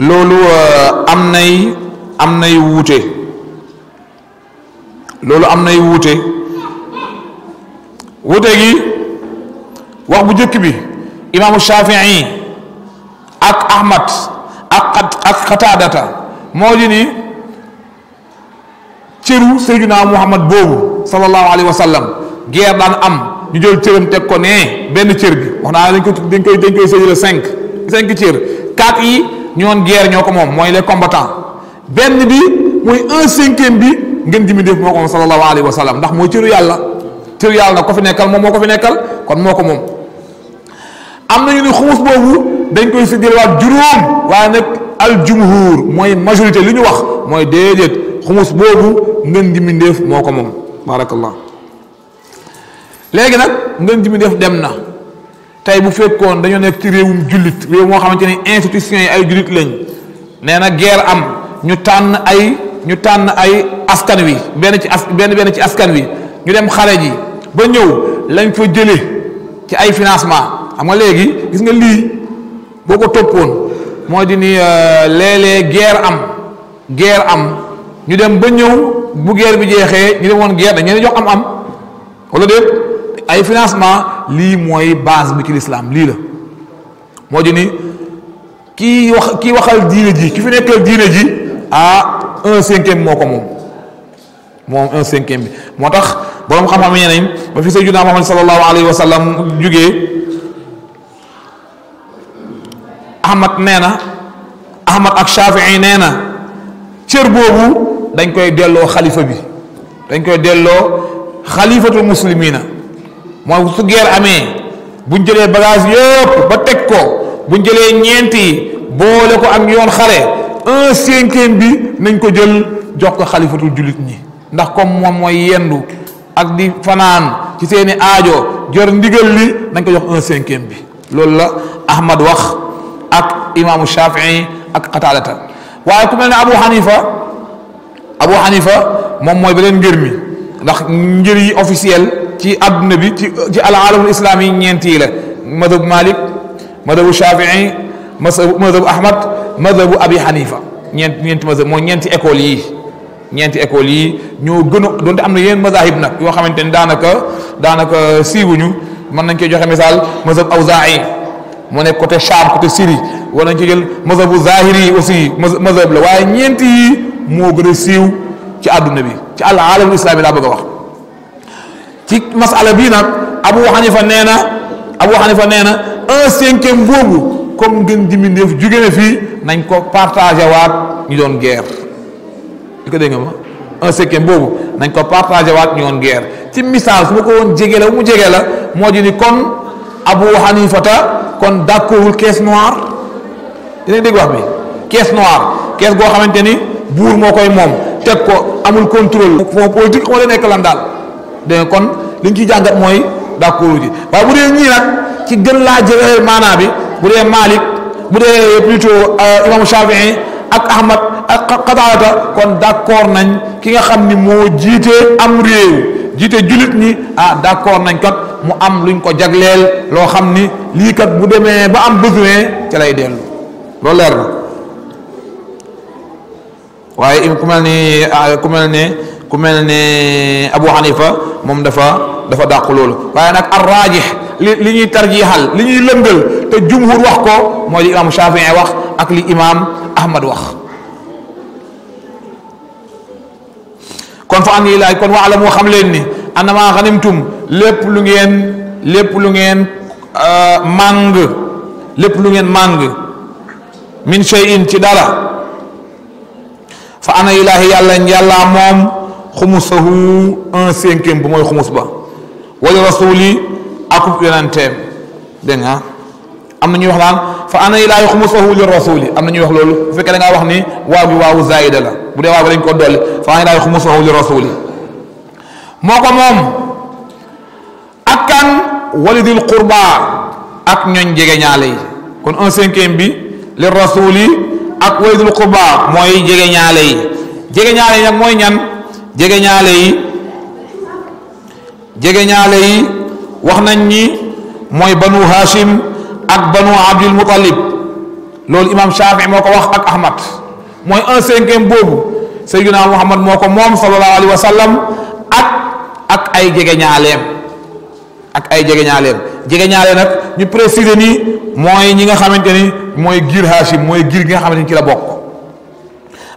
loolu euh, am nay am nay wuute loolu am na nay wuute wuute gi wax bu jëkk bi imaamu Shafii ak ahmad ak ak xataadata moo di ni cëru sayyidina muhammad boobu sallallahu alayhi wa sallam geer daan am ñu jël cëram teg ko nee benn cër gi wax naa dañ koy dañ koy séddale cinq cinq cër quatre yi ñoon guerre ñoo ko moom mooy les combattants benn bi mooy un cinquième bi ngeen jimi def moo ko moom sallallahu alayhi wa ndax mooy cëru yàlla cëru yàlla nag ko fi nekkal moom moo ko fi nekkal kon moo ko moom am nañu ni xumus boobu dañ koy séddalewaat juróom waaye nak al jumhur moy majorité li ñu wax moy dedet khumus bobu ngën ji mbindeef moko mom barakallah legi nak ngën ji mbindeef dem na tey bu fekkon dañu nek ci rewum julit rew mo xamanteni institution ay julit lañ neena guerre am ñu tan ay ñu tan ay askan wi ben ci ben ben ci askan wi ñu dem xalé ji ba ñëw lañ fa jële ci ay financement xam nga legi gis nga li boo ko toppoon moo di ni euh, léeg-léeg guerre am guerre am ñu dem ba ñëw bu guerre bi jeexee ñu demoon guerre dañ leen jox am am wala déet ay financement lii mooy base bi ci lislaam lii la moo di ni kii wax kii waxal diine ji ki fi nekkal diine ji ah un cinquième moo ko moom moom un cinquième bi moo tax boroom xam-xam yi ba fi sayyidina Muhammad sallallahu alayhi wa sallam jugee ahmad Nena, ahmad ak shafii nee na cër boobu dañ koy delloo xalifa bi dañ koy delloo muslimina mooy su geer amee buñ jëlee bagage yëpp ba teg ko buñ jëlee ñeent yi boole ko ak yoon xare un cinquième bi nañ ko jël jox ko xalifatul julit ñi ndax comme moom mooy yendu ak di fanaan ci seeni aajo jor ndigal li nañ ko jox un cinquième bi loolu la ahmad wax اك امام الشافعي اك قتاده وايي كوم ابو حنيفه ابو حنيفه موم موي بلن غيرمي داخ نجيري اوفيسيال تي ادنا بي تي العالم الاسلامي نينتي لا مذهب مالك مذهب الشافعي مذهب احمد مذهب ابي حنيفه نينت نينت مذهب مو نينت ايكول يي نينت ايكول يي ньо غنو دونت امنا يين مذاهب نا يو خامتاني دانكا دانكا سيغونو من نكي جوخي مثال مذهب اوزاعي mu nekk côté Cham côté Syrie wala ñu ci jël mazhabu zahiri yi aussi mazhab la waaye ñeenti yi moo gën a siiw ci àdduna bi ci àll alamul islami laa bëgg a wax ci masala bii nag Abu Hanifa nee Abu Hanifa nee un cinquième boobu comme ngeen dimbindéef jóge fii nañ ko partagé waat ñu doon guerre li ko dégg nga ma un cinquième boobu nañ ko partagé waat ñu doon guerre ci misaal su ma ko woon jege la bu mu jege la moo ji ni kon Abu Hanifata kon dàkkoowul caisse noire dina dégg wax bi caisse noire caisse goo xamante ni buur moo koy moom teg ko amul contrôle fond politique xaw ma nekk lan daal dégg kon liñ ci ciy jàngat mooy dàkkoowu ji waaye bu dee ñii nag ci gën laa jëlee maanaa bi bu dee Malik bu dee plutôt euh, imam Shafii ak Ahmad ak Qataada kon d'accord nañ ki nga xam ni moo jiite am réew. jiite jullit ñi ah d'accord nañ kat mu am luñ ko jagleel loo xam ni lii kat bu demee ba am besoin ci lay dellu loolu leer na waaye ah, ku mel ni ku mel ne ku mel ne Abu Hanifa moom dafa dafa dàq loolu waaye nag ar raajih li li ñuy tarjixal li ñuy lëngal te jumhur wax ko moo li imam Shafii wax ak li imam Ahmad wax kon fa am yi laay kon waalamu xam leen ni anama xanimtum lépp lu ngeen lépp lu ngeen màng lépp lu ngeen màng min shay'in ci dara fa ana ilaahi yàlla yàlla moom xumusahu un cinquième bu mooy xumus ba wala rasuli akub yonanteem dégg nga amna ñu wax naan fa ana ila xumusahu li rasuli am na wax loolu bu fekkee da nga wax ni waaw gi waawu zaida la bu de waaw lañ ko dolli fa ana ila xumusahu li rasuli moo ko moom walidil qurba ak ñooñ jégué ñaale kon un cinquième bi li rasuli ak walidil qurba moy jégué ñaale jégué ñaale nak moy ñan jégué ñaale yi jégué ñaale yi wax nañ ni moy banu hashim ak banu abdul muttalib loolu imaam Shaafi moo ko wax ak ahmad mooy un cinquième boobu sayyidina muhammad moo ko moom sallallahu alayhi wa sallam ak ay jegeñaaleem ak ay jegeñaaleem jegeñaale nag ñu préciser nii mooy ñi nga xamante ni mooy giir haashim mooy giir gi nga xamante ni ci la bokk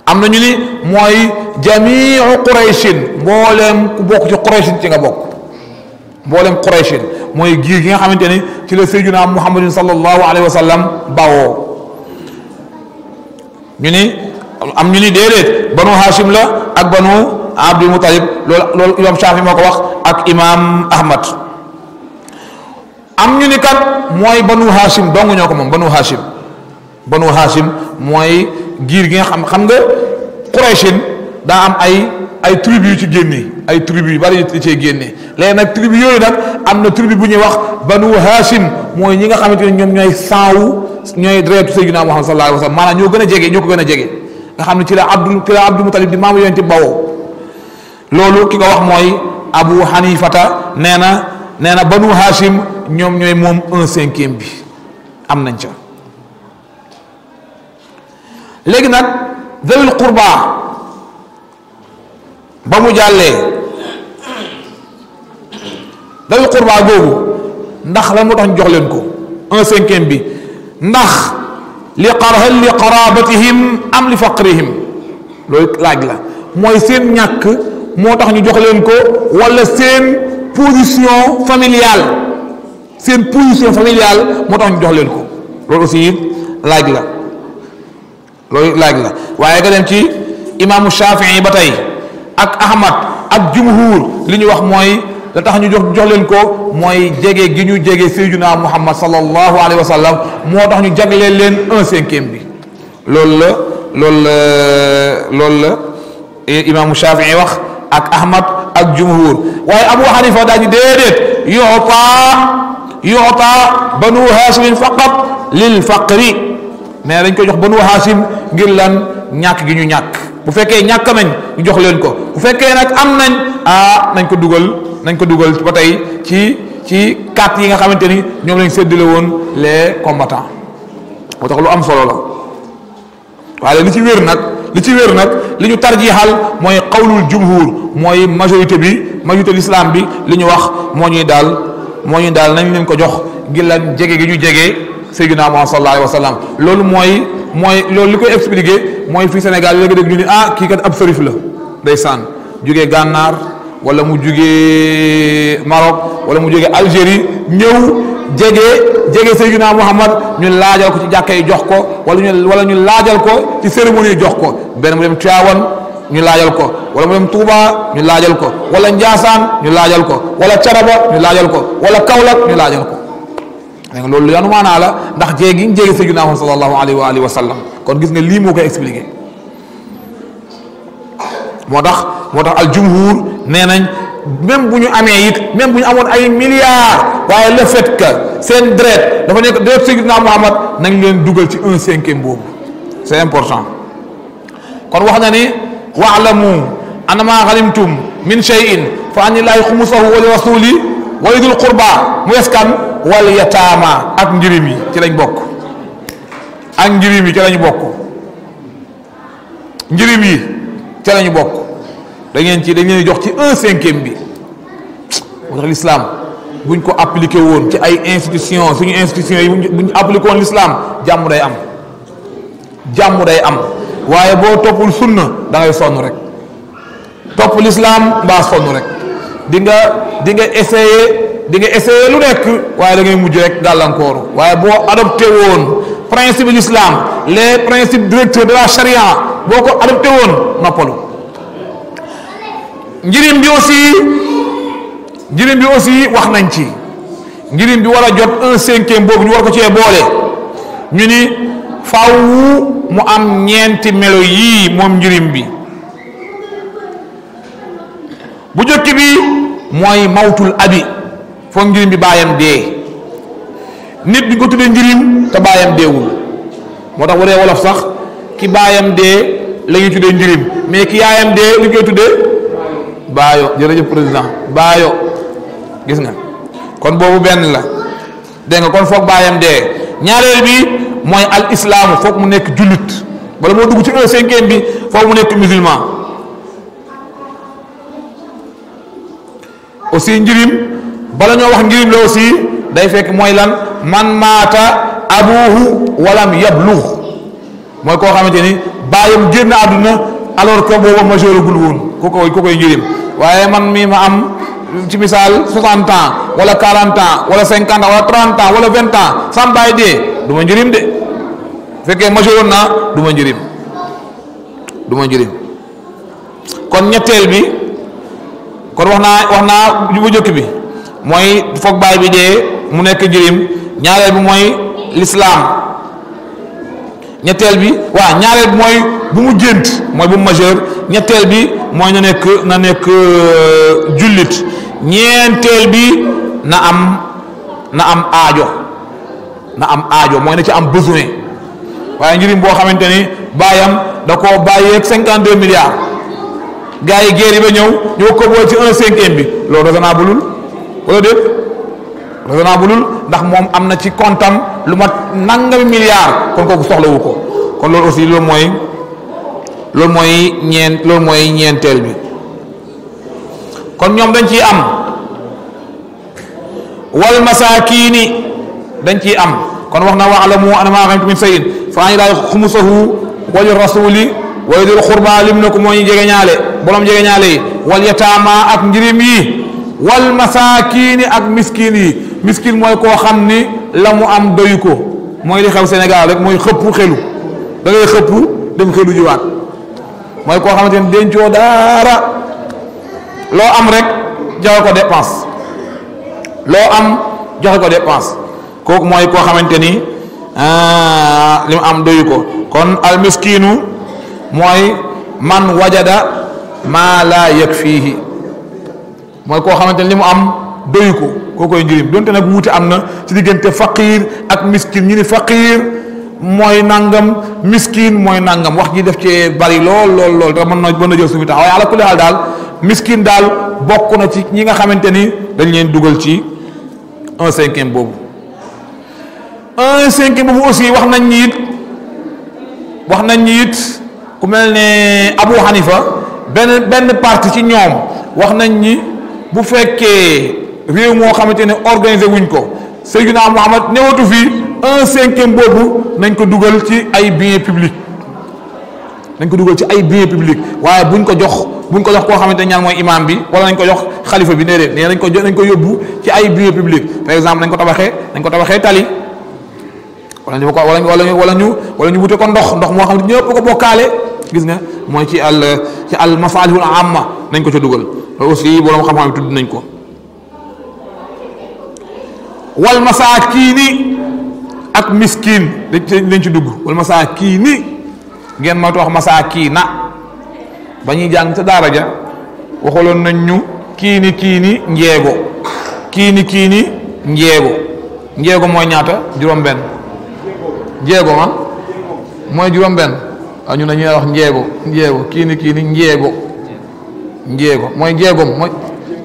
am na ñu ni mooy jamiu qurayshin mbooleem ku bokk ci qurayshin ci nga bokk mbolem Qurayshin moy giir gi nga xamanteni ci le sayyidina muhammad sallallahu alayhi wasallam bawo ñu ni am ñu ni dedet banu hashim la ak banu abd mutalib lol loolu imam shafi moko wax ak imam ahmad am ñu ni kat moy banu hashim dong ñoko mom banu hashim banu hashim moy giir gi nga xam xam nga Qurayshin daa am ay ay tribu yu ci génne ay tribu yu bari yu cee génne léegi nag tribu yooyu nag am na tribu bu ñuy wax banu hashim mooy ñi nga xamante ne ñoom ñooy sanwu ñooy reetu sayyidina Muhammad sallallahu alayhi wa sallam maanaam ñoo gën a jege ñoo ko gën a jege nga xam ne ci la abdul ci la abdul mutalib di maamu yonent bawoo loolu ki ko wax mooy abu hanifata nee na nee na banu hashim ñoom ñooy moom un cinquième bi am nañ ca léegi nag dawil qurba ba mu jàllee dayu xurbaa googu ndax la moo tax ñu jox leen ko un cinquième bi ndax li qara li qarabatihim am li faqrihim looy laaj la mooy seen ñàkk moo tax ñu jox leen ko wala seen position familiale seen position familiale moo tax ñu jox leen ko loolu aussi it laaj la loolu laaj la waaye nga dem ci imaamu Shafii ba tey ak ahmad ak jumhur li ñu wax moy da tax ñu jox jox leen ko moy jégué gi ñu jégué sayyiduna muhammad sallallahu alaihi wasallam mo tax ñu jaglé leen 1/5e bi lool la lool la lool la imam shafii wax ak ahmad ak jumhur waaye abu hanifa da ñu dedet yuta yuta banu hasim faqat lil faqri mais dañ ko jox banu hasim ngir lan ñàkk gi ñu ñàkk bu fekkee ñàkk nañ ñu jox leen ko bu fekkee nag am nañ ah nañ ko dugal nañ ko dugal ba tey ci ci carte yi nga xamante ni ñoom lañ séddale woon les combattants moo tax lu am solo la waaye li ci wér nag li ci wér nag li ñu tarjiixal mooy xawlul jumhur mooy majorité bi majorité lislaam bi li ñu wax moo ñuy daal moo ñu daal nañ leen ko jox ngir lan gi ñu jege Seydina Muhammad sallallahu alayhi wa sallam loolu mooy mooy loolu li koy expliquer moy fi Sénégal yi nga dégg ñu ah ki kat ab sërif la ndaysan jugee gànnaar wala mu jugee Maroc wala mu jugee Algérie ñew jege jege sayyidina Muhammad ñu laajal ko ci jakkay jox ko wala ñu wala ñu laajal ko ci cérémonie jox ko ben mu dem Tiwaawan ñu laajal ko wala mu dem Touba ñu laajal ko wala ndiasan ñu laajal ko wala tiaraba ñu laajal ko wala Kaolack ñu laajal ko dégg nga loolu yanu manala ndax jéegi jéegi sayyidina Muhammad sallallahu alaihi wa alihi wa sallam kon gis nga lii moo koy expliqué moo tax moo tax al jumhur nee nañ même bu ñu amee it même bu ñu amoon ay milliards waaye le fait que seen dret dafa nekk deret Seydina Muhammad nañ leen dugal ci un cinquième boobu c' est important kon wax na ni waalamu annama xalimtum min cheyin fa anilaahi xumusahu wali rasuli wa walidul qurba mu yeskan wal yataama ak njërim yi ci lañ bokk ak njirim yi ca lañu bokk njirim yi ca lañu bokk dangeen ci dañ jox ci un cinquième bi moo tax l'islam buñ ko appliqué woon ci ay institution suñu institution yi buñ appliqué woon l'islam jàmm day am jàmm day am waaye boo toppul sunna da sonn rek topp l'islam mbaa sonn rek di nga di nga essayer di nga essayer lu nekk waaye da ngay mujj rek gàllankooru waaye boo adopté woon principe l'islam les principes directeurs de la charia boo ko adopté woon noppalu njirim bi aussi njirim bi aussi wax nañ ci njirim bi war a jot un cinquième boobu ñu war ko cee boole ñu ni faaw mu am ñeenti melo yii moom njirim bi bu jëkk bi mooy mawtul abi foog njirim bi baayam dee nit bi ko tuddee njëriñ te baayam deewul moo tax wa dee wolof sax ki baayam dee la ñuy tuddee njëriñ mais ki yaayam dee lu ñu tuddee baayo jërëjëf président baayo gis na kon boobu benn la de nga kon foog baayam dee ñaareel bi mooy al islaamu foog mu nekk jullit bala moo dugg ci un cinquième bi foog mu nekk musulman aussi njëriñ bala ñoo wax njëriñ la aussi day fekk mooy lan man maata abuhu walam yablugh mooy koo xamante ni baayam génn àdduna alors que booba majeur gul woon ku koy ku koy njëriñ waaye man mii ma am ci misaal 60 ans wala 40 ans wala 50 ans wala 30 ans wala 20 sam baay dee du ma njëriñ de fekkee majeur naa du ma njëriñ du kon ñetteel bi kon wax naa wax naa bu njëkk bi mooy foog baay bi dee mu nekk jirim ñaareel bi mooy lislaam ñetteel bi waa ñaareel bi mooy bu mu gént mooy bu mu majeur ñetteel bi mooy na nekk na nekk euh, jullit ñeenteel bi na am na am aajo na am aajo mooy na ci am besoin waaye njirim boo xamante ni baayam da koo bàyyeeg milliards gars yi guerre yi ba ñëw ñu ko boole ci un cinquième loolu raisonnable wala déet raisonnable lul ndax moom am na ci kontam lu mat nangami milliard kon kooku soxlawu ko kon loolu aussi loolu mooy loolu mooy ñeen loolu mooy ñeenteel bi kon ñoom dañ ci am wal masaakiini dañ ciy am kon wax na wax anama xamtu min sayin fa ani laay xumusahu wali rasuli wali dul xurba lim na ko moo ñu jege ñaale borom jege ñaale yi wal yataama ak njirim yi wal masaakiini ak miskin yi miskin mooy koo xam ni la mu am doyu ko mooy li xew Sénégal rek mooy xëpp xelu da ngay xëpp dem xelu jiwaat mooy koo xamante ni dencoo dara am rek joxe ko dépense loo am joxe ko dépense kooku mooy koo xamante ni ah, li mu am doyu ko kon al miskinu mooy man wajada maa laa yakfiihi mooy koo xamante ni li mu am doyu ko koo koy ngirim donte nag wuute am na ci diggante faqiir ak miskin ñu ni faqiir mooy nangam miskin mooy nangam wax ji def ci bari lool lool lool mën na mën na jël suñu tax waaye ala kulli daal miskin daal bokk na ci ñi nga xamante ni dañ leen dugal ci un cinquième boobu un cinquième boobu aussi wax nañ ñi wax nañ ñi ku mel ni Abu Hanifa benn benn parti ci ñoom wax nañ ñi bu fekke rew mo xamante organiser wuñ ko Seydina Mohamed newatu fi 1/5 bobu nañ ko duggal ci ay bien public nañ ko duggal ci ay bien public waaye buñ ko jox buñ ko jox ko xamante ne ñaan mooy imam bi wala nañ ko jox khalifa bi nee ne nañ ko jox nañ ko yobbu ci ay bien public par exemple nañ ko tabaxee nañ ko tabaxee tali wala ñu wala wala ñu wala ñu wuté ko ndox ndox mo xamante ñepp ko bokalé gis nga moy ci al ci al masalihul amma nañ ko ci duggal aussi boroom xam-xam tudd nañ ko wal masaakiini ak miskiin dañ ci dugg wal masaakiini ngeen ma moytu wax masaakiina ba ñuy jàng ca daara ja waxaloon nañ ñu kiini kiini njeego kiini kiini njeego njeego mooy ñaata juróom-benn njeego ma mooy juróom-benn ñu ne ñuy njeego njeego kiini kiini njeego njeego mooy njeegom mooy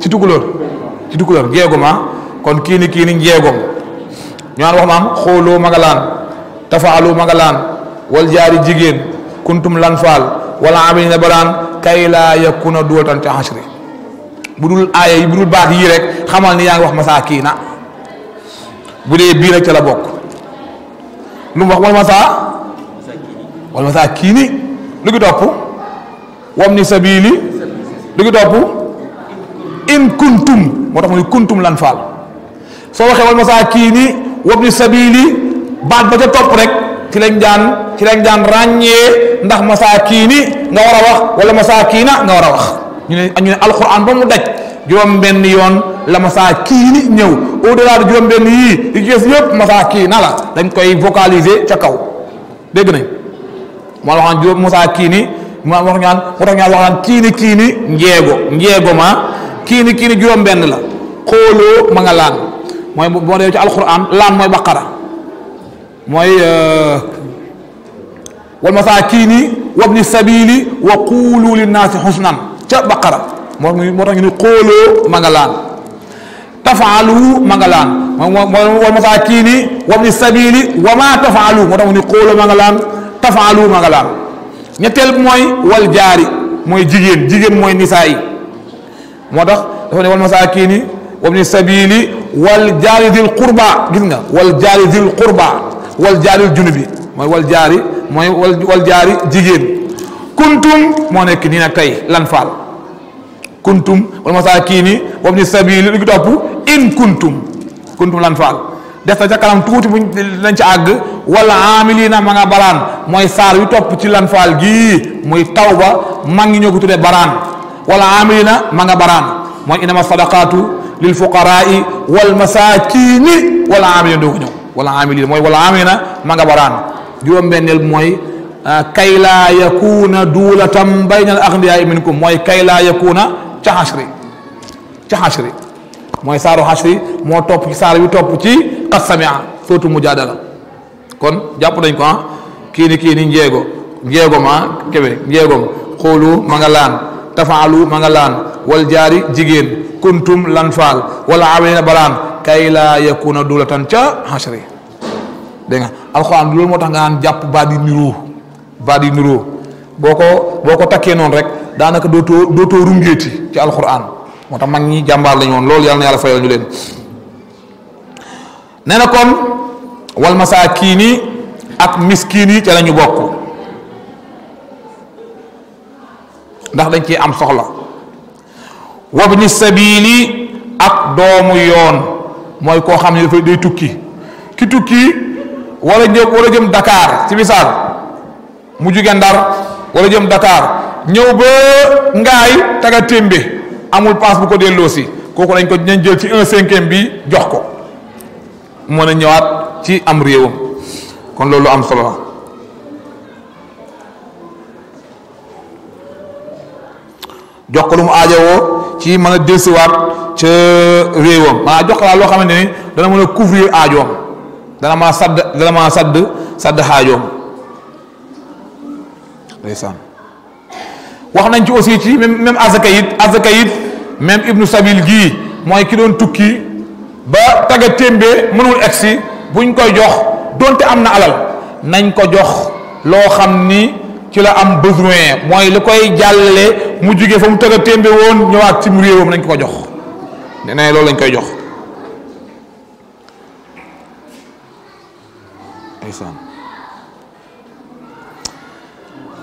ci tukulóor ci tukulóor njeegom ah kon kii kiini njeegom ñu naan wax maam xooloo magalaan tafaaloo magalaan wal jaari jigéen kuntum lan faal wala amina baraan kay laa yakuna duwatan ci ashri bu dul aaya yi bu dul baat yii rek xamal ni yaa ngi wax masaakiina ah. bu dee bii rek ca la bokk lu mu wax wal masaa wal masaa kiini lu gi topp wam ni sabiili li ngi topp in kuntum moo tax mu kuntum lan faal soo waxee wal masaakiini ni sabili baat ba ca topp rek ci lañ daan ci lañ daan ràññee ndax masaakiini nga war a wax kii masaakiina nga war a wax ñu ne ñu ne ba mu daj juróom benn yoon la masaakiini ñëw au delà de juróom benn yii li ci des yëpp masaakiina la dañ koy vocaliser ca kaw dégg nañ moo la waxaan juróom masaakiini ma war ñaan war ñaan waxaan kiini kiini njeego njeego ma kiini kiini juróom benn la xooloo ma nga laan mooy boo dee ci alquran laan mooy baqara mooy wal masaakini wabni sabili wa quulu linnaasi xusnan ca baqara moo moo tax ñu ni xooloo ma nga laan tafaalu ma nga laan wal masaakini wabni sabili wa ma tafaalu moo tax mu ni xooloo ma nga laan tafaalu ma nga laan ñetteel mooy wal jaari mooy jigéen jigéen mooy nisaa yi moo tax dafa ne wal masaakiini wabni sabiili wal jaari dil qurba gis nga wal jaari dil qurba wal jaaril junubi mooy wal jaari mooy wal jigéen kuntum moo nekk nii nag tey lan faal kuntum wal masaakiini wabni sabiili lu ngi in kuntum kuntum lan def na ca kanam tuuti buñ lañ ci ag wala amilina ma nga balaan moy sar yu top ci lan fal gi moy tawba ma ngi ñogu baran wala amilina ma nga baran moy inama sadaqatu lil fuqara'i wal masakin wala amilina do ko ñëw wala amilina moy wala amilina ma nga baran juroom benel moy ah, kay laa yakuna duulatam bayna al agniyaai minkum moy kay laa yakuna ca xasri ca xasri mooy saaru xasri ci saru yu top ci qad sotu mujadala kon jàpp nañ ko ah. kini kini njeego njeego ma kebe njeegom xoolu ma nga laan tafaalu ma nga laan wal jari jigen kuntum lanfal wal wala awina balan kay yakuna dulatan cha hasri de nga alquran loolu moo nga japp badi baat badi niroo boko boko takke non rek danaka doto doto rungeeti ci alquran mag fayal ñu len nee na kon wal masaakiin yi ak miskiin yi ca la ñu bokk ndax dañ ci am soxla wabni sabiili ak doomu yoon mooy koo xam ne dafa day tukki ki tukki wala jëm wala jëm dakaar ci misaal mu jóge Ndar wala jëm dakaar ñëw ba ngaay taga témbe amul paas bu ko delloosi kooku dañ ko dinañ jël ci un cinquième bi jox ko mën a ñëwaat ci am réewam kon loolu am solo la jox ko lu mu aajowoo ci mën a dellusiwaat ca réewam maanaam jox ko laa loo xamante ni dana mën a couvrir aajoom dana maa sadd dana maa sadd sadd aajoom wax nañ ci aussi ci même même azaka yit azaka ibnu sabil gii mooy ki tukki ba taga témbee mënul egsi buñ koy jox donte am na alal nañ ko jox loo xam ni ci la am besoin mooy li koy jàllale mu jugee fa mu tëgg a témbe woon ñëwaat ci mu réewam lañ ko jox nee na loolu lañ koy jox.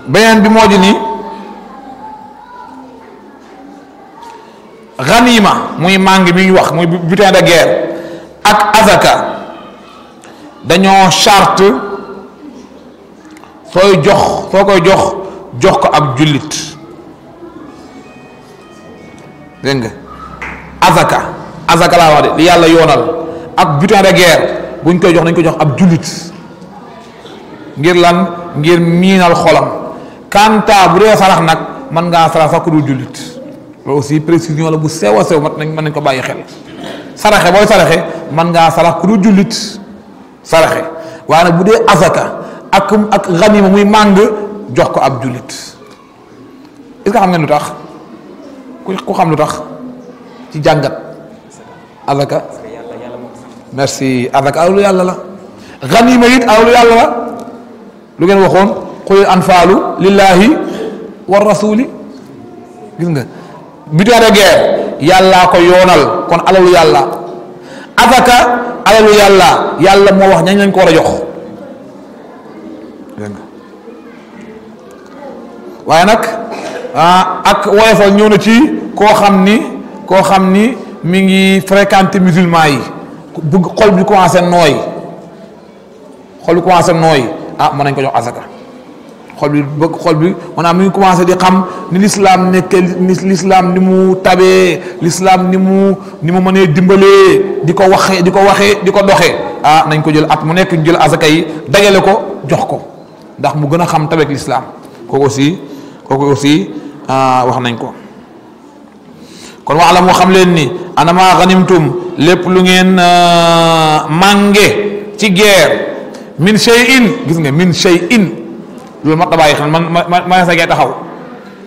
beneen bi moo di ni ghanima muy mangi mi wax muy butin de guerre ak azaka daño charte foy jox fokoy jox jox ko ab julit deng azaka azaka la wax layonal, li yalla yonal ak butin de guerre buñ koy jox nañ ko jox ab julit ngir lan ngir minal xolam kanta bu dee nak, nak man nga sarax julit loolu aussi précision la bu sewa sew mat nañ ya. man ko baye xel saraxé boy saraxé man nga sarax ku du jullit saraxe waaye nag azaka ak ak ganima muy mang jox ko ab julit est ce xam nga lutax ku ku xam lutax ci jangat azaka merci azaka awlu yalla la ganima it awlu yalla la lu ngeen waxone qul anfalu lillahi war rasuli gis nga butin de guerre yàllaa ko yoonal kon alalu yàlla asaka alalu yàlla yàlla moo wax ñañ lañ ko war a jox waaye nag ah, ak woyofal ñëw na ci koo xam ni koo xam ni mi ngi fréquenté musulman yi bëgg xol bi commencé nooy xol bi commencé nooy ah mën nañ ko jox asaka xol bi bëgg xol bi maanaam mi ngi commencé di xam ni lislaam nekkee ni lislaam ni mu tabee lislaam ni mu ni mu mënee dimbalee di ko waxee di ko waxee di ko doxee ah nañ ko jël at mu nekk ñu jël asaka yi dagale ko jox ko ndax mu gën a xam tabeek lislaam kooku aussi kooku aussi ah, wax nañ ko kon wax la moo xam leen ni anama ganimtum lépp lu ngeen ah, mànge ci guerre min shay in gis nga min shay in loolu ma na bàyyi xel man ma ma ma taxaw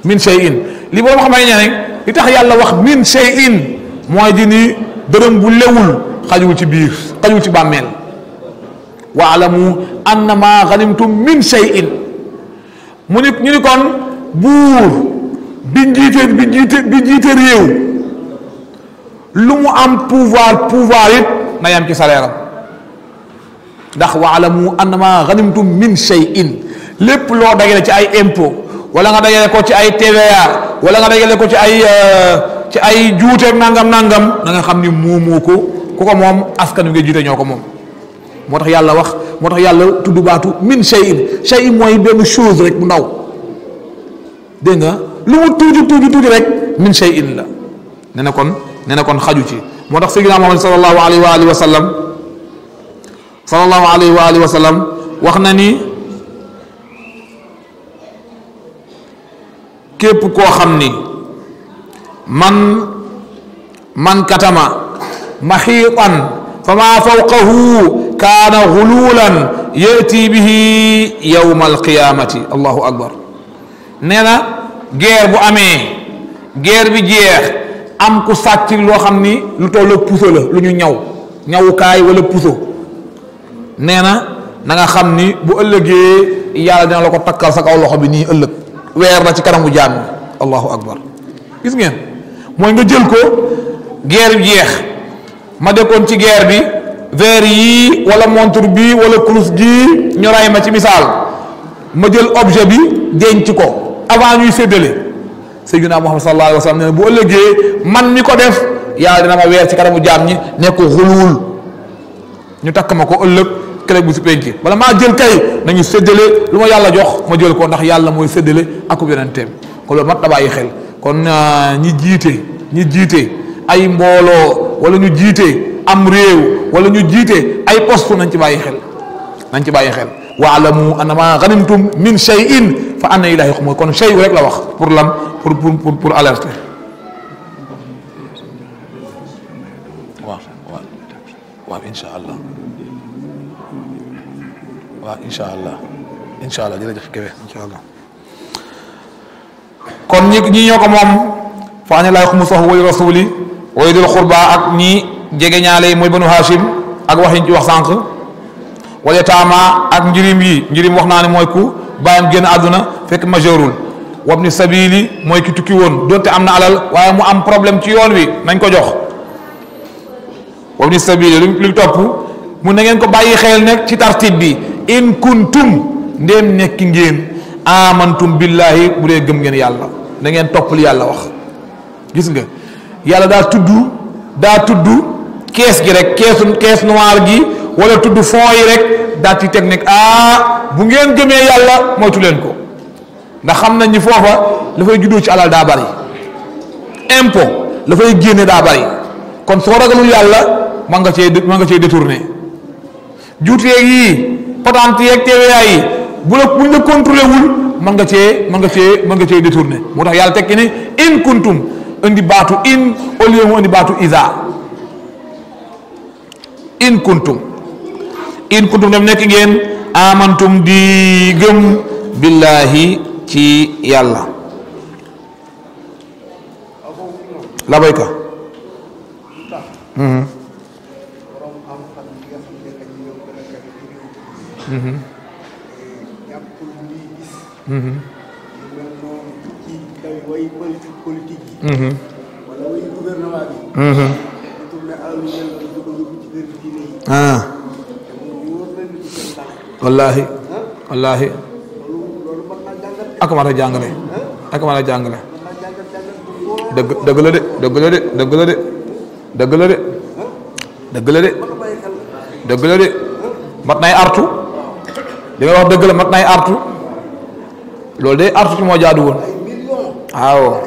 min shay'in li bo xam ne nañ li tax yalla wax min shay'in moy di ni deureum bu lewul xajul ci biir xajul ci wa waalamu annama ganimtum min shay'in mu ni ñu ni kon buur bi bi lu mu am pouvoir pouvoir it na yam ci salaire ndax wa alamu annama min shay'in lepp lo dagale ci ay impôt wala nga dagale ko ci ay TVA wala nga dagale ko ci ay eh, ci ay juuteeg nangam nangam da nga xamni ni moomoo ko ku askan wi nga jiite ñoo ko moom wax motax yalla tuddu batu min shayin shayin moy benn chose rek bu ndaw de nga lu mu tuddu tuddu tuddu rek min shayin la nee kon nena kon xaju ci motax sayyidina muhammad sallallahu alaihi wa alihi wasallam sallallahu alaihi wa alihi wasallam waxna ni képp koo xam ni man man katama fa ma fawqahu kana hululan yati bihi al alqiyamati allahu akbar nee na guerre bu amee guerre bi jeex am ku sàcc loo xam ni lu toll puso la lu ñu ñaw ñawukaay wala puso nee na na nga xam ni bu ëllëgee yàlla dina la ko takkal sa kaw loxo bi nii ëllëg weer na ci kanamu jaam bi allahu akbar gis ngeen mooy nga jël ko guerre bi jeex ma dekkoon ci guerre bi verre yi wala montre bi wala kurus gi ñu ray ma ci misaal ma jël objet bi denc ko avant ñuy séddale sayyidina Muhammad sallallahu alayhi wa sallam ne bu ëllëgee man mi ko def yàlla dina ma weer ci kanamu jaam ñi nekk xuluwul ñu takk ma ko ëllëg clé bu si penki bala maa jël kay nañu séddale lu ma yàlla jox ma jël ko ndax yàlla mooy séddale akub yonenteem ko loolu mat na bàyyi xel kon ñi jiite ñi jiite ay mbooloo wala ñu jiite am réew wala ñu jiite ay poste nañ ci bàyyi xel nañ ci bàyyi xel waalamu annama ganimtum min cheyin fa anna ilahi xumoy kon chey rek la wax pour lam pour pour pour alerter waaw waaw waaw incha allah ان شاء الله ان شاء الله دي جف كبير ان شاء الله كون ني ني نيوكو موم فاني لا يخمسه وي رسولي وي دي القربا اك ني جيغي نالاي موي بنو هاشم اك وخين جي وخ سانك وليتاما اك نجيريم يي نجيريم وخناني موي كو بايام ген ادنا فك ماجورول وابن سبيلي موي كي توكي وون دونتي امنا علال واي مو ام بروبليم تي يول وي نانكو جوخ وابن سبيلي لوم توب مو نغين كو بايي خيل نك تي ترتيب بي in kuntum ndéem nekk ngeen amantum billahi bu dee gëm ngeen yàlla da ngeen topp yàlla wax gis nga yàlla daa tudd daa tudd kees gi rek keesu kees noir gi wala tudd fond yi rek daa ci teg nekk ah bu ngeen gëmee yàlla moytu leen ko ndax xam nañ ni foofa la fay juddoo ci alal daa bari impôt la fay génne daa bari kon soo ragalul yàlla man nga cee man nga cee détourné juuteeg yii patente yeeg TVA yi bu la buñ la contrôlé wul mën nga cee mën nga cee mën nga cee détourné moo tax yàlla tekki ni in kuntum indi baatu in au indi baatu isa in kuntum in kuntum dem nekk ngeen amantum di gëm ci yàlla labayka hmm. jàppul mm-hmm. muy mm-hmm. gis. lu mel noonu ci way politique yi. wala way gouvernement mm-hmm. bi. di tourné alal ah. yu mel noonu di ko yóbbu ci kër diine yi. te mu wóor na ni seen baax. wallaahi wallaahi. loolu loolu mën naa jàngale. ak mën a jàngale. ak mën a jàngale. dëgg dëgg la de dëgg la de dëgg la de dëgg la de dëgg la de dëgg la de mat nay artu li nga wax deug la mat nay artu lol day artu ci mo jaadu woon waaw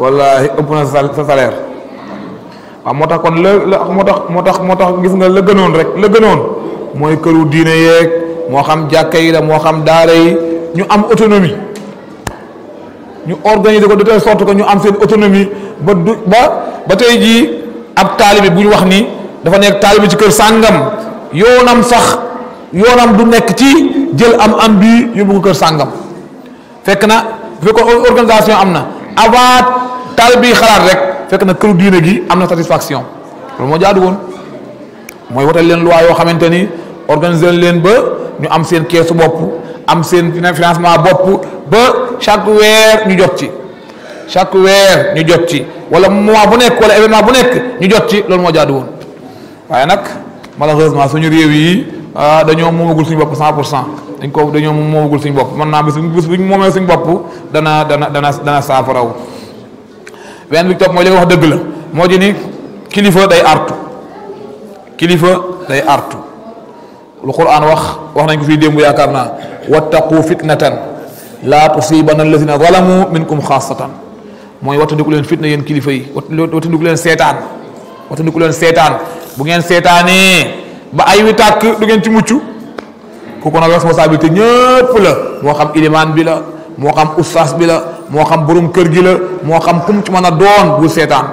wallaahi ëpp na sa salaire waaw moo kon la la moo tax gis nga la gënoon rek la gënoon mooy xam la xam daara yi ñu am autonomie ñu organiser ko de telle sorte que ñu am autonomie ba du ba ba tey jii ab taalibi bu ñu wax ni dafa nekk taalibi ci kër sàngam yoonam sax yoonam du nekk ci jël am am bi yóbbu ko kër sàngam fekk na bu organisation am avant rek fekk na këru diine gi am satisfaction loolu moo jaadu wotal leen loi organiser leen ba ñu am seen am seen financement bop ba chaque wèr ñu jot ci chaque wèr ñu jot ci wala mois bu nek wala événement bu nek ñu jot ci lool mo jaadu won waye nak malheureusement suñu réew yi ah, dañoo moomagul suñu bop 100 dañ ko dañoo moomagul suñu bop man na bis bis bu ñu moomee suñu bop dana dana dana dana saafaraw benn bi top moy li nga wax deug la mo di ni kilifa day artu kilifa day artu lu quran wax wax nañ ko fi dembu yakarna wattaqu fitnatan la tusibanna alladhina zalamu minkum khassatan mooy wattandiku len fitna yen kilifa yi wattandiku leen seetaan wattandiku len setan bu ngeen setané ba ay wi tak du ngeen ci ku ko na responsabilité ñepp la mo xam iliman bi la mo xam oustaz bi la mo xam burum kër gi la mo xam kum ci mën doon bu setan.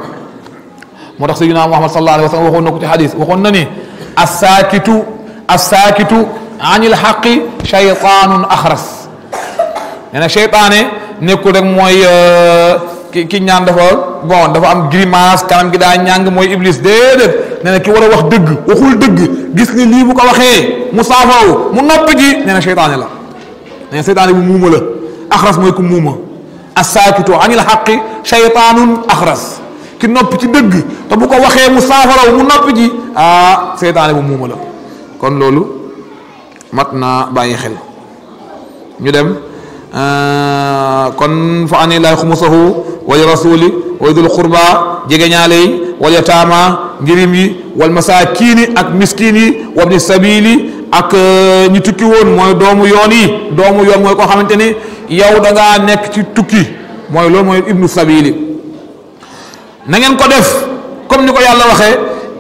moo tax sayyidina muhammad sallallahu alaihi wasallam waxon na ko ci hadis waxon na ni as sakitu as sakitu عن الحق شيطان اخرس انا يعني شيطان نيكو رك موي آه، كي نان دافا بون دافا ام غريماس كانم كي دا نان موي ابليس ديد نانا كي ورا واخ دغ وخول دغ غيس ني لي بوكو واخي مصافو مو نوبي جي نانا شيطان لا نانا شيطان بو موما لا اخرس موي كو موما الساكت عن الحق شيطان اخرس كي نوبي تي دغ تا بوكو واخي مصافو مو نوبي جي اه شيطان بو موما لا كون لولو mat na bàyyi xel ñu dem euh, kon fa ani lay xumusahu wal rasuli wa dul qurba jege ñaale yi wal yataama njirim yi wal masaakiini ak miskiin yi wabni sabili ak euh, ñi tukki woon mooy doomu yoon yi doomu yoon mooy koo xamante ni yow danga nekk ci tukki mooy loolu mooy ibnu sabili na ngeen ko def comme ni ko yàlla waxee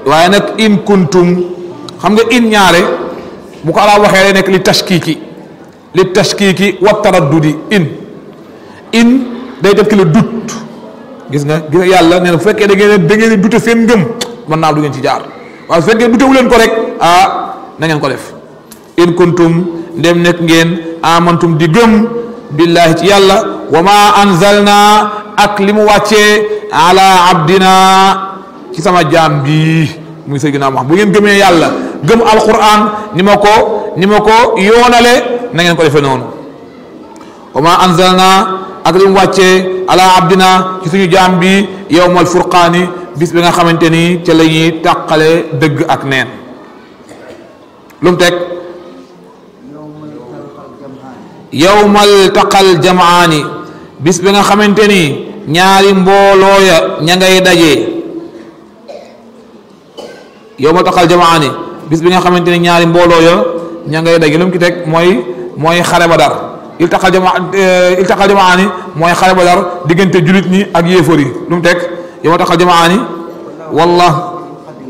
waaye nag in kuntum xam nga in ñaare bu ko araab waxee lay nekk li tashkiiki li tashkiiki wa taraddudi in in day def ki la dut gis nga gis yàlla nee na bu fekkee da ngeen da ngeen di dute seen ngëm mën naa du ngeen ci jaar waaye su fekkee dutewu leen ko rek ah na ko def in kuntum ndem nekk ngeen amantum di gëm billaahi ci yàlla wa ma anzalna ak li mu wàccee ala abdina ci sama jaam bi muy Seydina Muhammad bu ngeen gëmee yàlla gëm alquran ni ma ko ni ma ko yoonale nangeen ko defee noonu wa ma anzalna ak li mu wàccee ala abdina ci suñu jaam bi yowmal furqaani bis bi nga xamante ni ca la taqale dëgg ak neen lu mu teg yowmal taqal jamaani bis bi nga xamante ni ñaari mboolooya ña ngay daje yowmal taqal jamaani bis bi nga xamanteni ñaari mbolo yo ña ngay daje lum ki tek moy moy xare ba dar il taxal jama il taxal jamaani moy xare ba dar diggante julit ñi ak yéfori lum tek yow ma jamaani wallah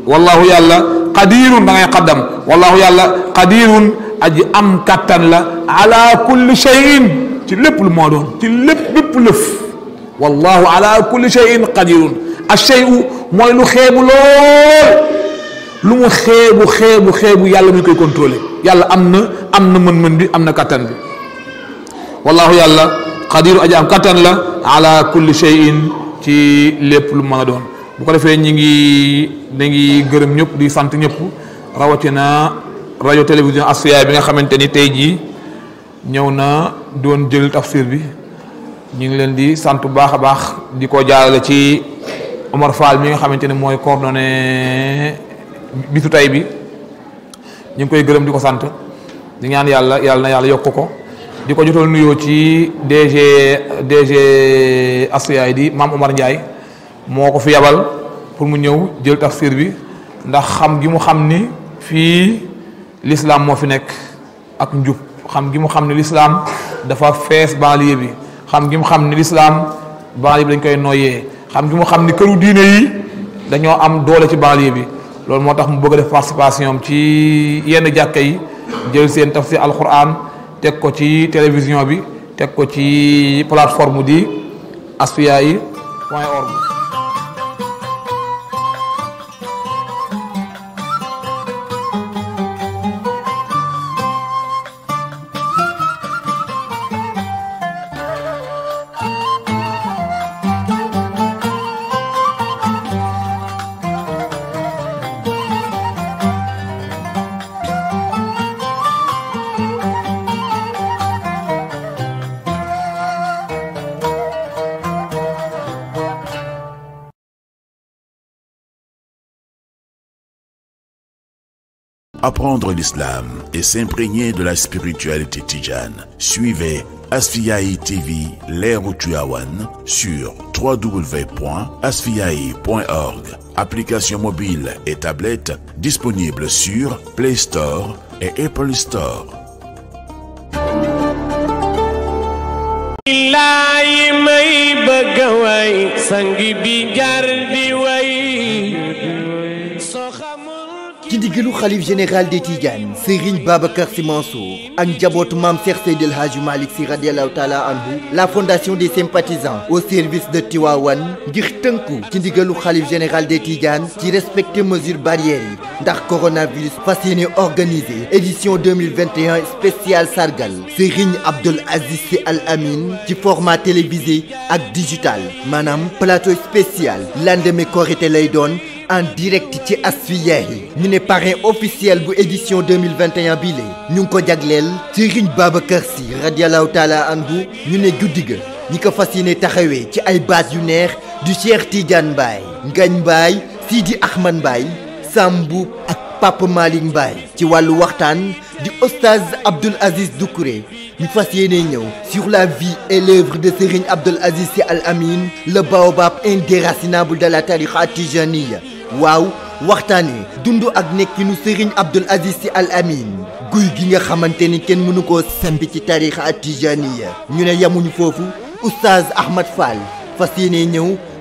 wallahu yàlla qadirun da ngay xaddam wallahu yàlla qadirun aji am katan la ala kulli shay'in ci lépp lu moo doon ci lépp lépp leuf wallahu ala kulli shay'in qadirun a cheyu mooy lu xeebu lool lu mu xeebu xeebu xeebu yàlla mu koy contrôler yàlla am na am na mën-mën bi am na kattan bi wallaahu yàlla xadiru aji am kattan la ala kulli shay'in ci lépp lu ma a doon bu ko defee ñi ngi da ngi gërëm ñëpp di sant ñëpp rawatina rajo télévision Asfiya bi nga xamante ni tey jii ñëw na doon jël tafsir bi ñu ngi leen di sant bu baax a baax di ko jaarale ci Omar Fall mi nga xamante ni mooy coordonné bisu tay bi ñu ngi koy gërëm di ko sant di ñaan yàlla yàlla na yàlla yokk ko di ko jotal nuyoo ci DG DG Asfiyahi di maam Omar Ndiaye moo ko fi yabal pour mu ñëw jël tafsir bi ndax xam gi mu xam ni fii lislaam moo fi nekk ak njub xam gi mu xam ni l'islam dafa fees banlieue bi xam gi mu xam ni l'islam banlieue bi dañ koy noyyee xam gi mu xam ni këru diine yi dañoo am doole ci banlieue bi loolu moo tax mu bëgg a def participation am ci yenn jàkka yi jël seen tafsir alquran teg ko ci télévision bi teg ko ci plateforme di yi point org Apprendre l'islam et s'imprégner de la spiritualité tijane. Suivez Asfiayi TV, l'air sur www.asfiayi.org Application mobile et tablette disponible sur Play Store et Apple Store. le Khalif général de Tigane, Serigne Babacar Sy Mansour ak Mam maam Cheikh Seydil Malik taala la fondation des sympathisants au service de Tiwawan, ngir tënku ci général des qui ci respecte mesures barrières d'art coronavirus fasciné organisé édition 2021 spéciale sargal Serigne Abdel Aziz Al Amin qui format télévisé et digital Manam, plateau spécial l'un de mes corps lay Leydon, en direct ci Asfiyahi yi ñu ne parrain officiel bu édition 2021 bii Nous ñu ngi ko jagleel Serigne Babacar Sy radiallahu taala anhu ñu ne guddi ga ñi ko fas yéene ci ay base yu neex du Cheikh Tidiane bay Ngagne bay Sidi ahmed bay Sambou ak Pape Malick bay ci walu waxtaan di Oustaz Abdoul Aziz Doucouré ñu fas yéene sur la vie et l'œuvre de Serigne Abdoul Aziz Al Amine le baobab indéracinable de la tariqa tijaniya waaw waxtaane dundu ak nekkinu Serigne Abdoul Aziz Al Amin, guy gi nga xamante ni kenn mënu koo sembi ci ñu oustaz Ahmad Fall fas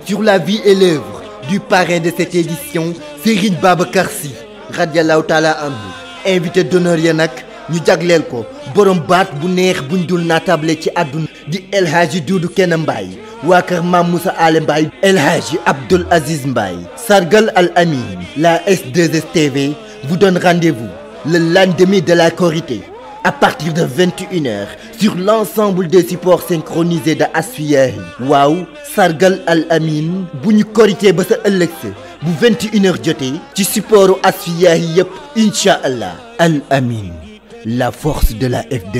sur la vie et l'œuvre du parrain de cette édition Serigne Babacar Sy radiallahu taala invité d'honneur ya nag ñu jagleel ko borom baat bu neex di El Hadji Doudou Kenembaï, Mbaye El Hadji Abdoul Aziz Mbaye Sargal Al Amin la s 2 tv vous donne rendez-vous le lendemain de la Corité à partir de 21h sur l'ensemble des supports synchronisés de Asfiyahi Waouh, Sargal Al Amin Pour ñu Korité ba sa 21h jotee ci supportu Asfiyahi yépp inch'allah Al Amin la force de la f 2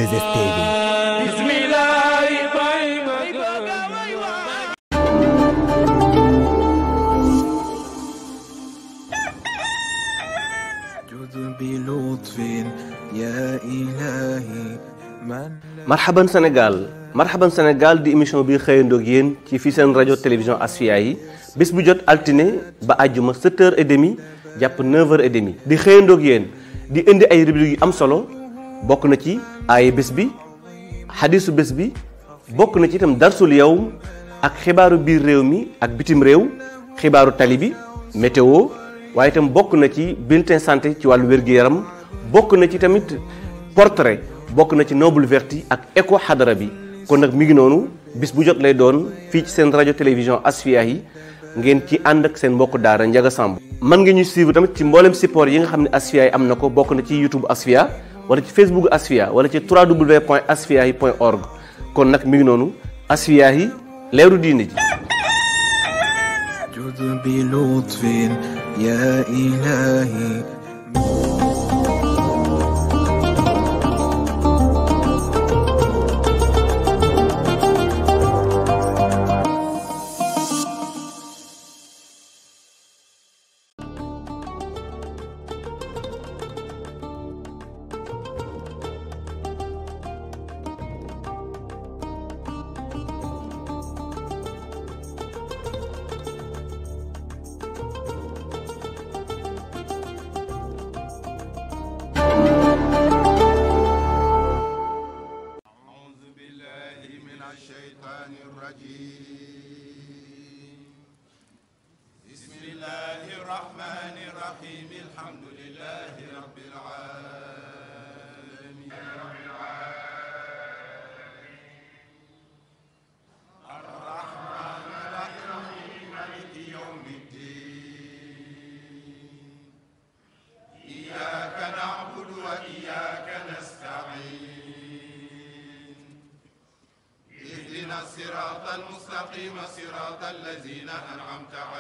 بلطف يا إلهي من مرحبا سنغال مرحبا سنغال دي ايميشن بي خاي ندوك يين تي في سن راديو تلفزيون اسفياي بس بو جوت التيني با اديما 7h30 جاب 9h30 دي خاي ندوك يين دي اندي اي ريبيو ام سولو بوك نا تي اي بس بي حديث بس بي بوك نا تي تام درس اليوم اك خبارو بير ريو مي اك بيتيم ريو خبارو تاليبي ميتيو waaye itam bokk na ci bulletin santé ci wàllu wér yaram bokk na ci tamit portrait bokk na ci noble vertu ak écho xadara bi kon nag mi ngi noonu bis bu jot lay doon fii ci seen rajo télévision Asfiyahi ngeen ci ànd ak seen mbokk daara Njaga Samb man nga ñu suivre tamit ci mboolem support yi nga xam ne Asfiyahi am na ko bokk na ci YouTube Asfiya wala ci Facebook Asfiya wala ci www.asfiyahi.org kon nag mi ngi noonu Asfiyahi leeru diine ji يا إلهي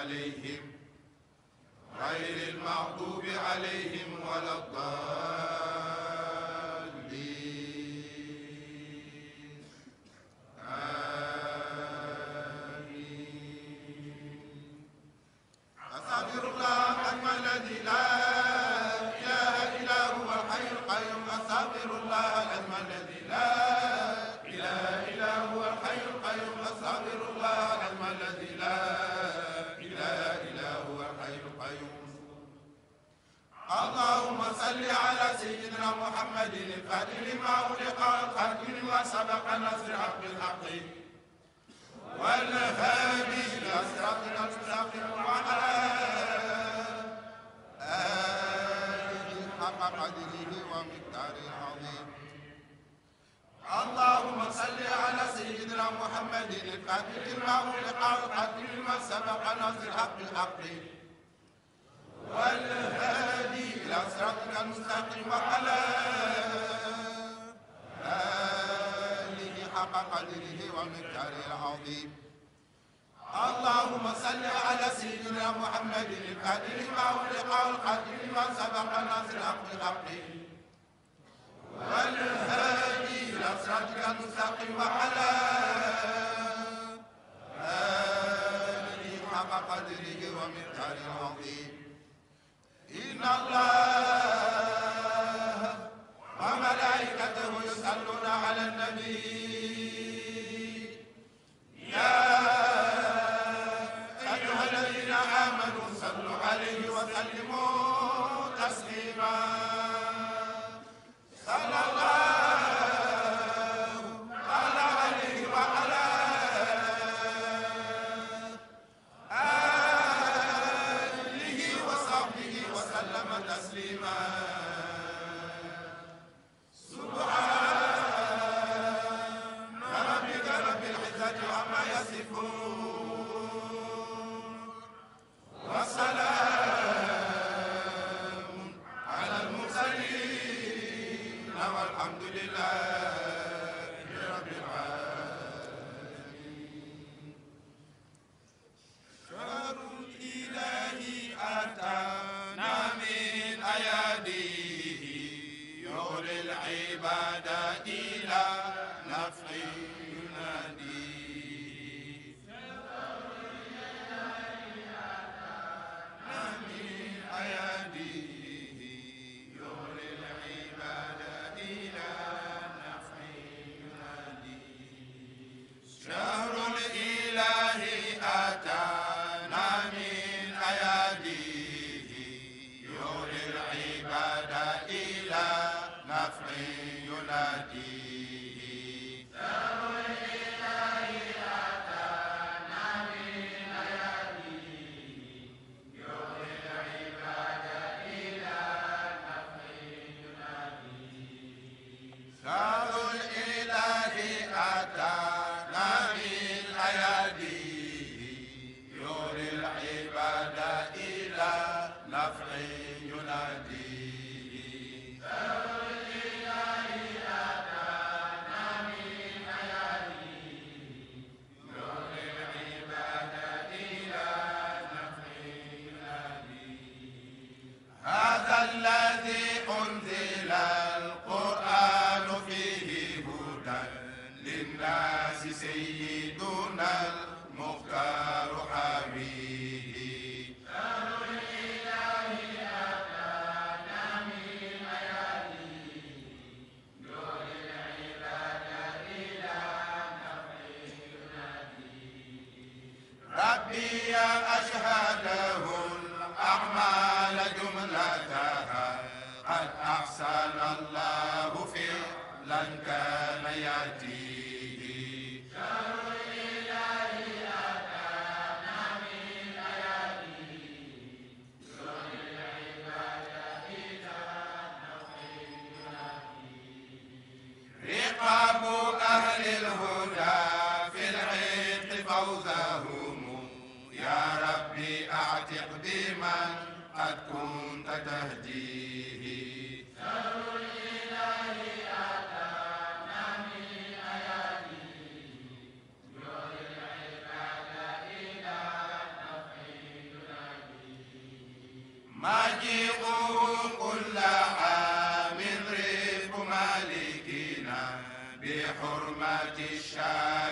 عليهم غير المغضوب عليهم ولا الضالين سيدنا محمد الفاتح لما أغلق الخلق وسبق نصر حق الحق والهادي إلى صراطنا المستقيم وعلى آله حق قدره ومقداره العظيم اللهم صل على سيدنا محمد الفاتح لما أغلق الخلق لما سبق نصر حق الحق والهادي صراطك المستقيم وعلى آله حق قدره ومقداره العظيم اللهم صل على سيدنا محمد الفاتح ما ولقى القدير ما سبق ناصر حق حقه والهادي الى صراطك المستقيم وعلى آله حق قدره ومقداره العظيم إن الله وملائكته يصلون على النبي يا ماجيقه كل عام بحرمة الشام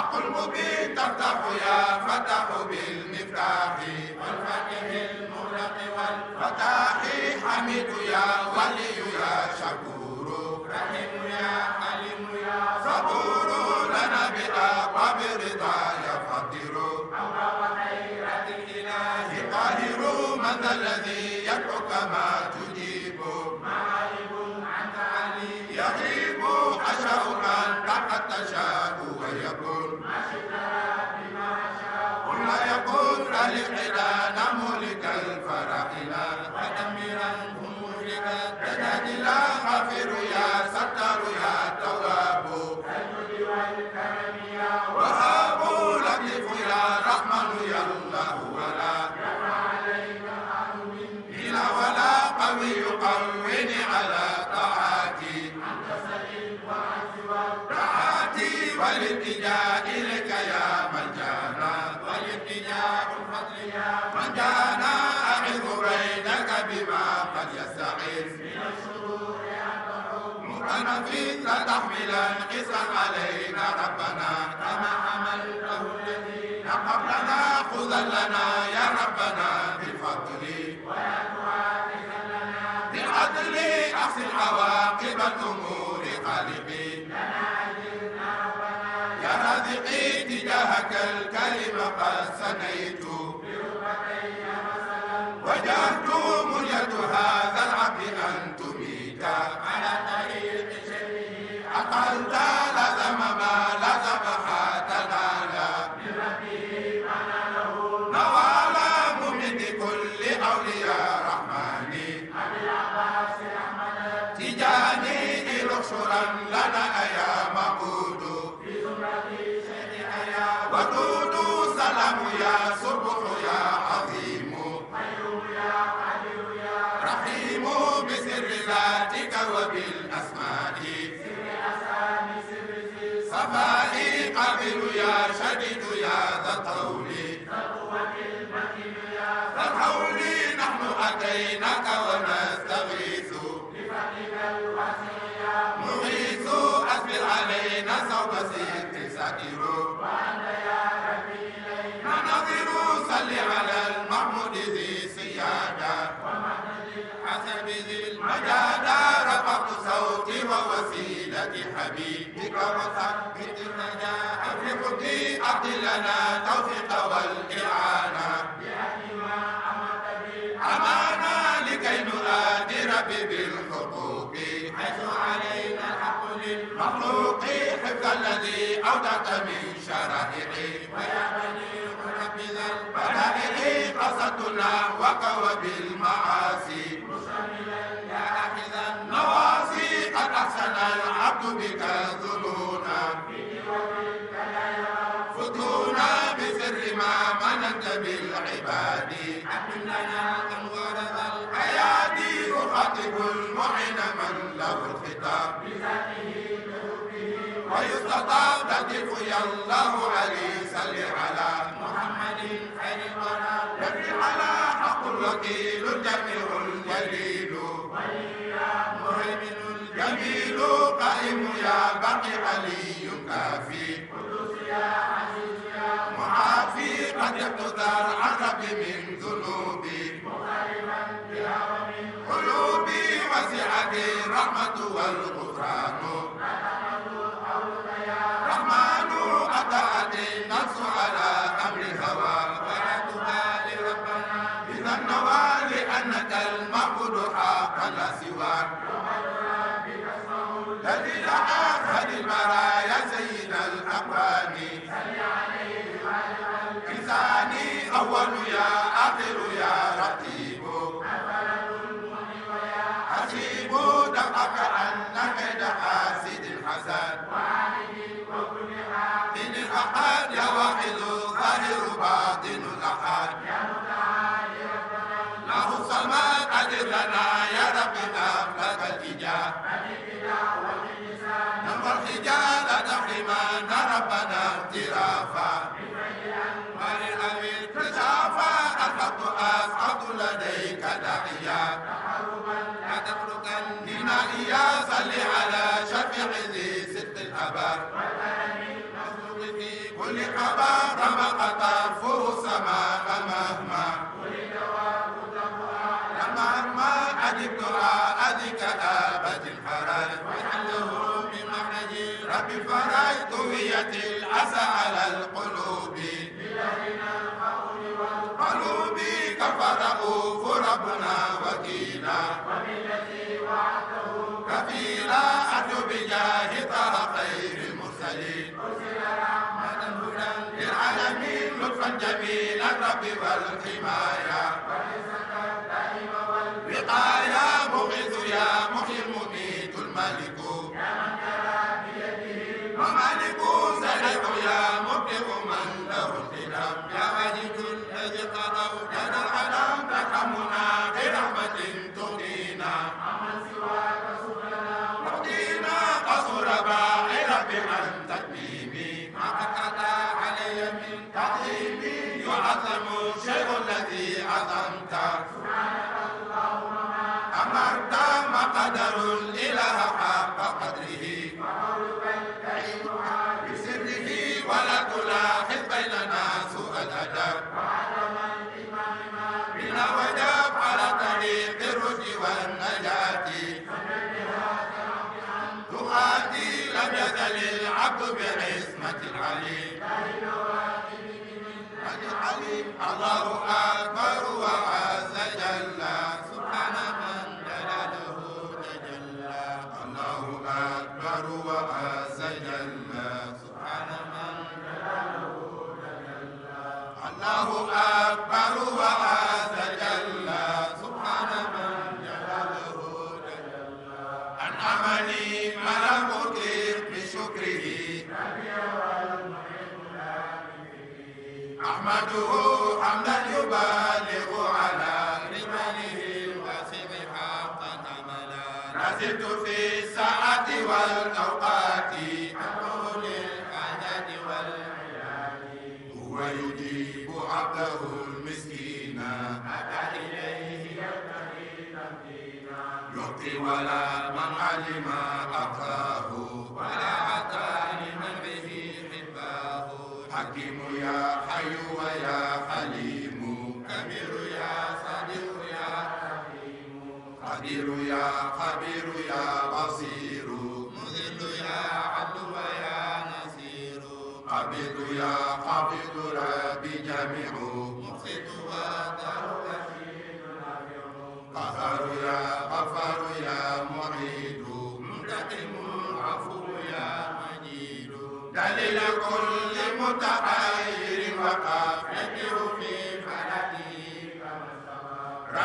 حق المبين تفتح يا فتح بالمفتاح والفتح المغلق والفتاح حميد يا ولي يا شكور رحيم يا حليم يا صبور لنا بلا وبرضا يقدر أمر وخيرة الإله قاهر من الذي يدعو كما جميلا قصا علينا ربنا كما قبلنا لنا يا ربنا بالفضل ولا لنا بالعدل احسن عواقب الامور يا رازقي تجاهك الكلمه قد سنيت حبيبك وثبت النجاح في حبي عبد لنا التوفيق والإعانة عمانا لكي نؤادر بالحقوق حيث علينا الحق للمخلوق حفظ الذي أودعت من شرائعه ويا بني منفذ البدائع قصدتنا وقوى بالمعاصي أخذ العبد بك ذلولا فتونا بسر ما منت بالعباد أمننا أن غرض الأيادي أخاطب المعن من له الخطاب ويستطابق يا الله علي صل على محمد خير الورى يبني على حق الوكيل الجميع الجليل ولي مهيمن جميل قائم يا باقي علي كافي قدس يا عزيز يا معافي قد يقدر عربي من ذنوبي مغاربا بهوى قلوبي وسعتي الرحمة والغفران جميل الرب والحماية علي علي علي الله زلت في الساعة والأوقات عنه للحنان والعيال هو يجيب عبده المسكين أتى إليه يبتغي تمكينا يعطي ولا من علم يا خبير يا بصير مذل يا عدو يا نصير قبض يا قبض ربي جميع مخيط ودر وشيد قهر يا غفر يا معيد منتقم عفو يا مجيد دليل كل متحير وقال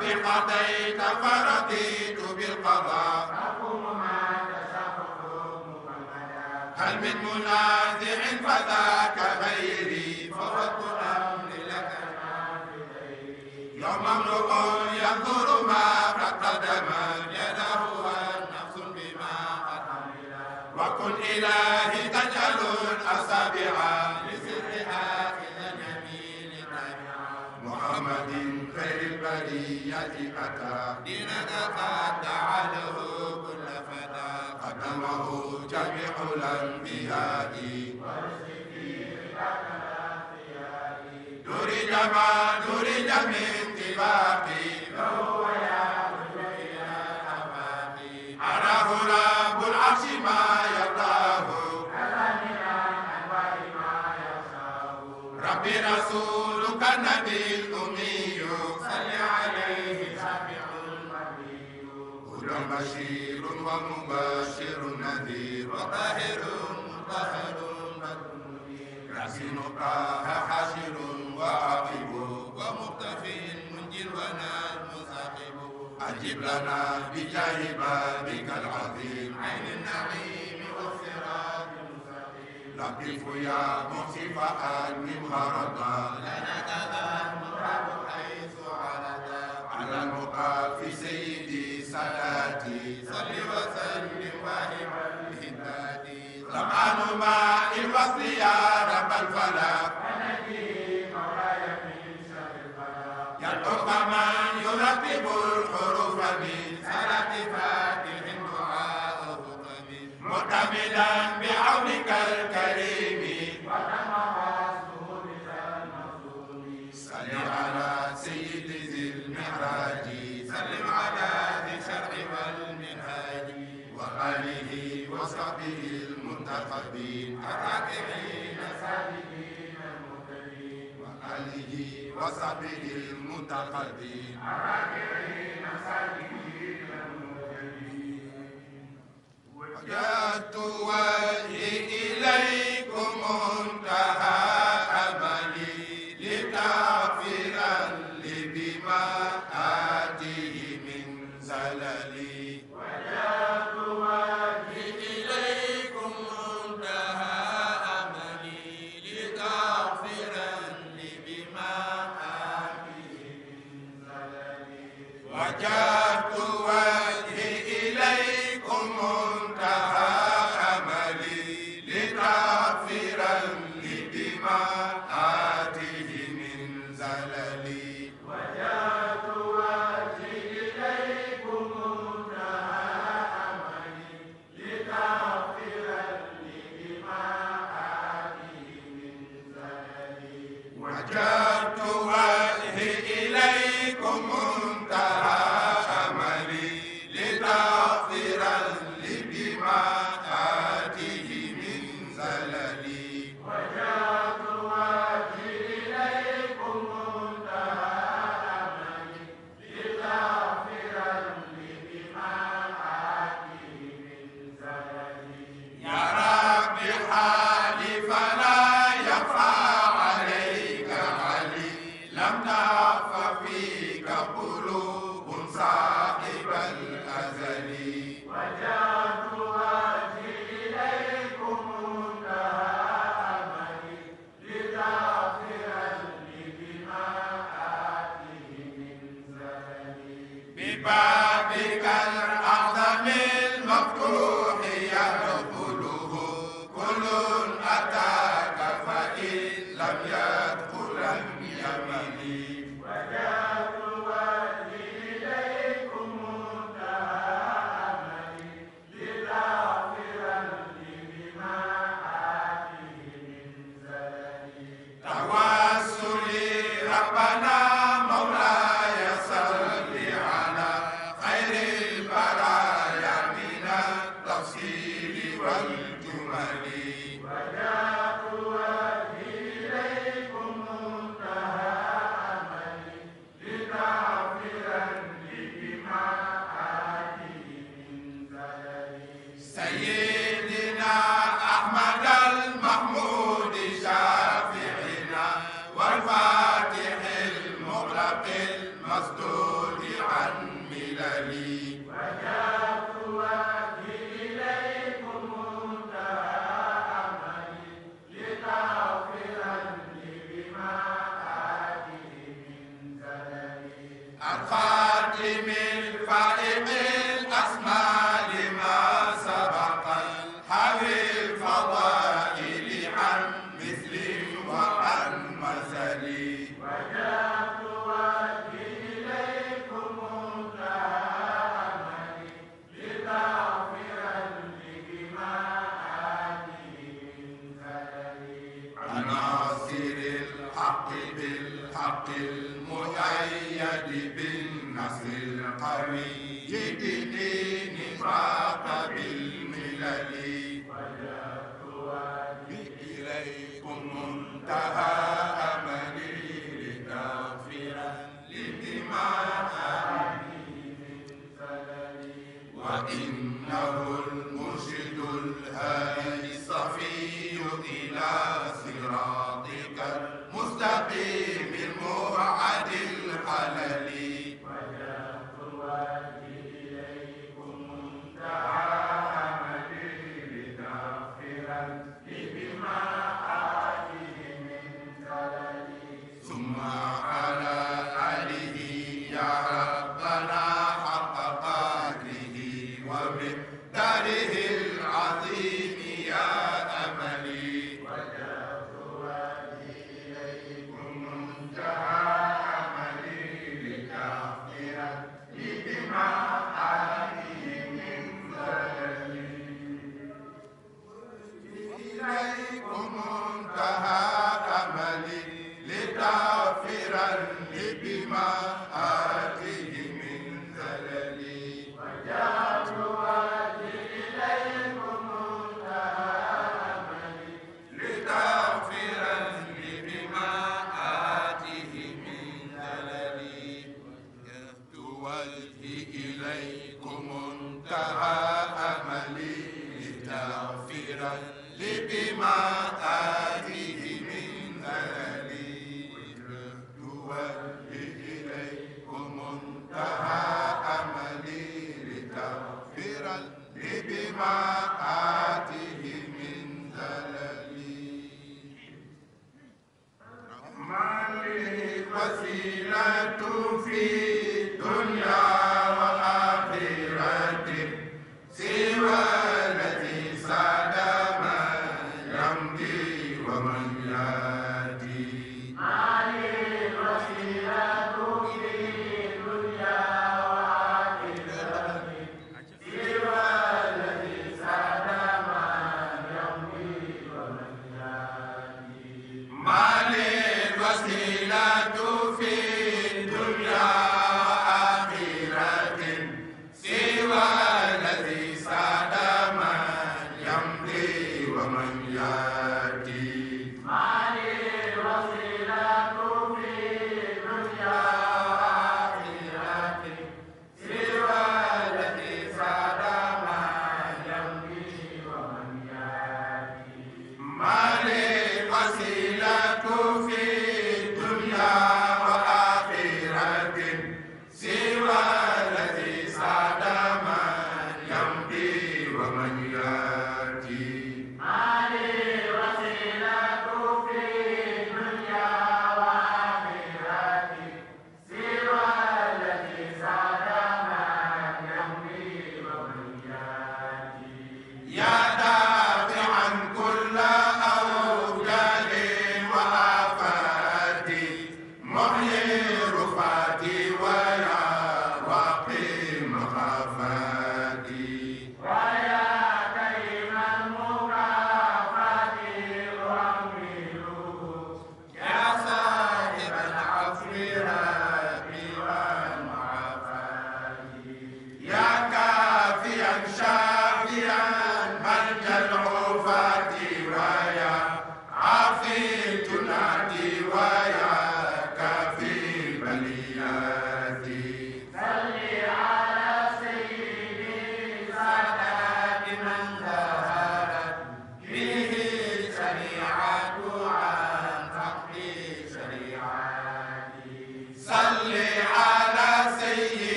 بقضيت فرضيت بالقضاء ما هل من منازع فذاك غيري فردت أمري لك يوم امرؤ ينظر ما قدم يده النفس بما قد وكن إلى ذريتك دينك قد دعله كل فتى قدمه جميع الانبياء نرج ما نرج من طباقي فهو يا الى افاقي اراه رب العرش ما يرضاه ربي رسولك النبي بشير ومبشر نذير وطاهر مطهر قاه حاشر وعاقب ومختفي منجر ونار مثاقب أجب لنا بجاه بابك العظيم عين النعيم والصراط المستقيم لطف يا محسن فأنم غرضا لنا كذا مراد حيث علدا على المقاف سيد صلاتي صل وسلم وهب الهدادي ظمآن ماء الوصل يا رب الفلق ونجي مولاي من شر الفلق يرقق من يرتب الحروف من صلاة فاتح دعاء مؤتمدا بعونك المرغبين الراكعين السالكين المهتدين وآله وصحبه المتقدمين الراكعين السالكين المهتدين وجهت وجهي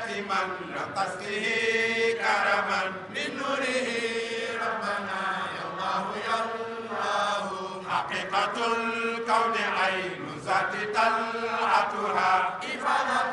خاتما لقصده كرما من نوره ربنا يا الله يا الله حقيقة الكون عين ذات طلعتها إفادة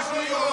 Marshall,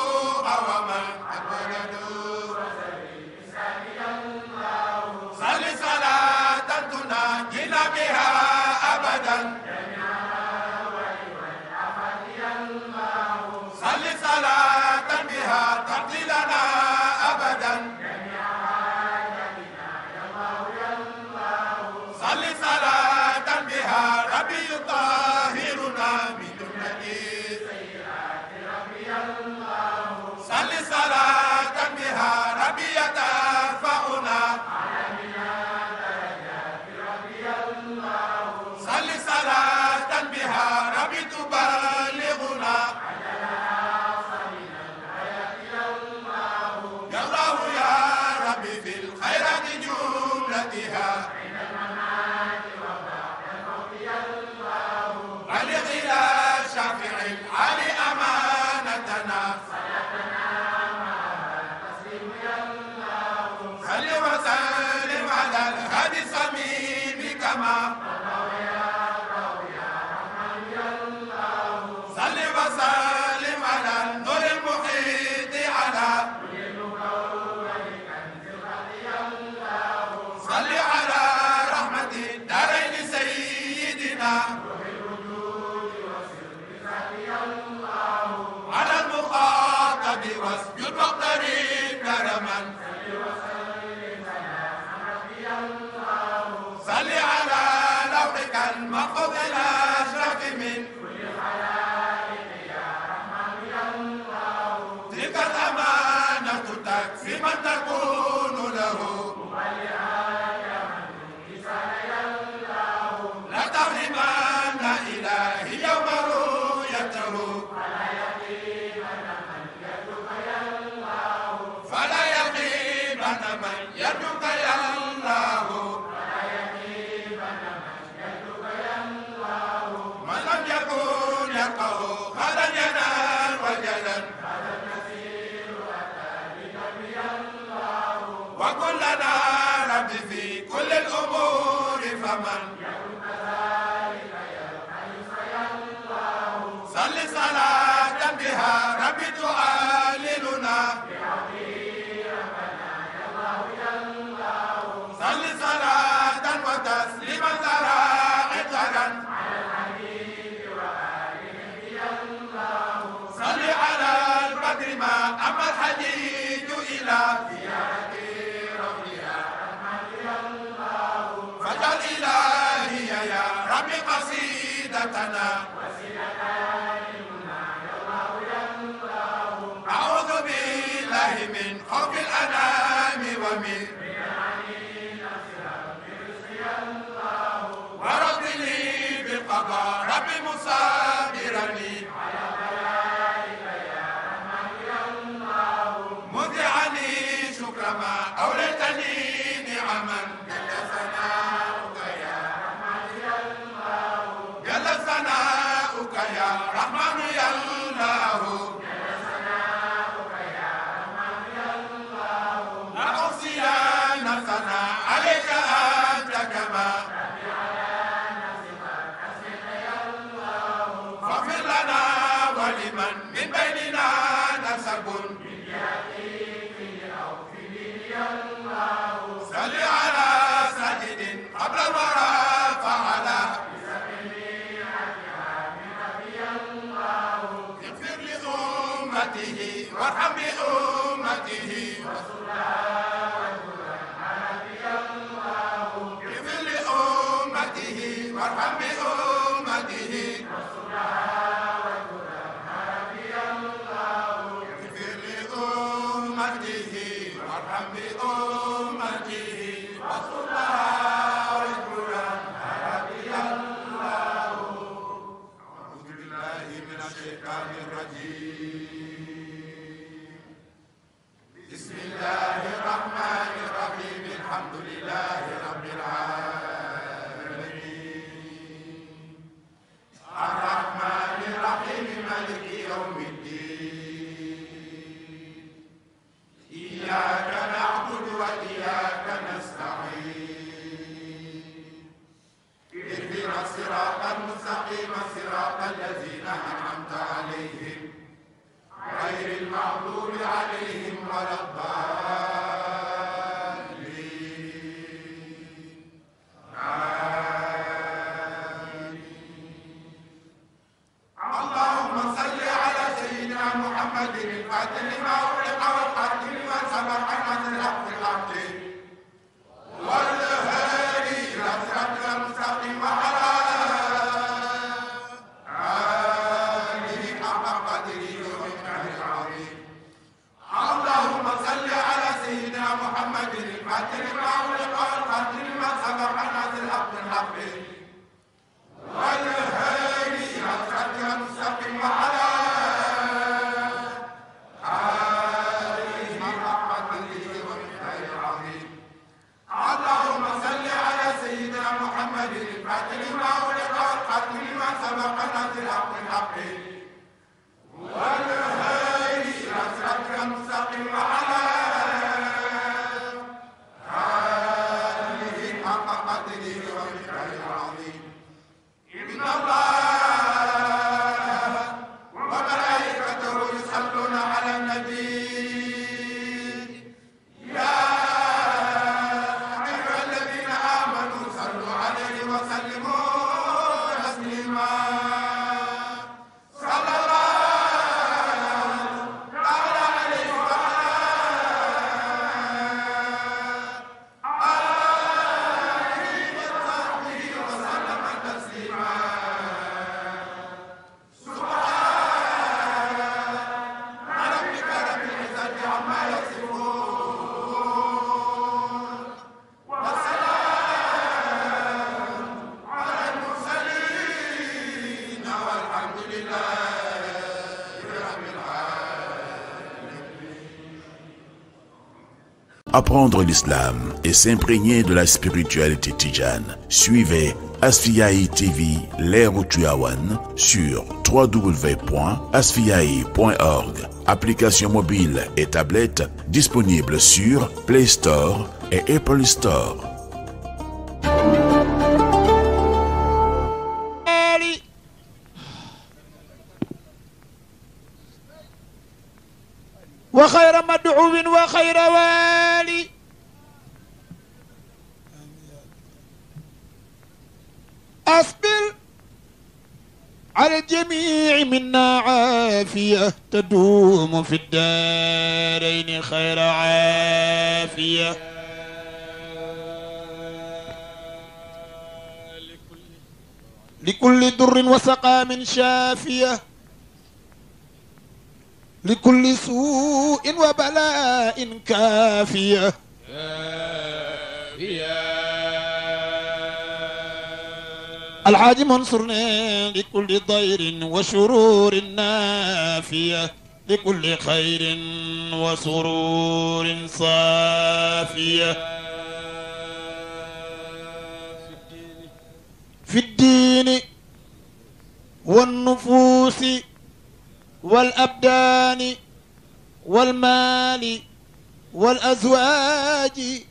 arham bi oh, apprendre l'islam et s'imprégner de la spiritualité tijane. Suivez Asfiayi TV, l'air sur www.asfiayi.org Application mobile et tablette disponible sur Play Store et Apple Store. شافية لكل سوء وبلاء كافية كافية الحاج منصرنا لكل ضير وشرور نافية لكل خير وسرور صافية والمال والأزواج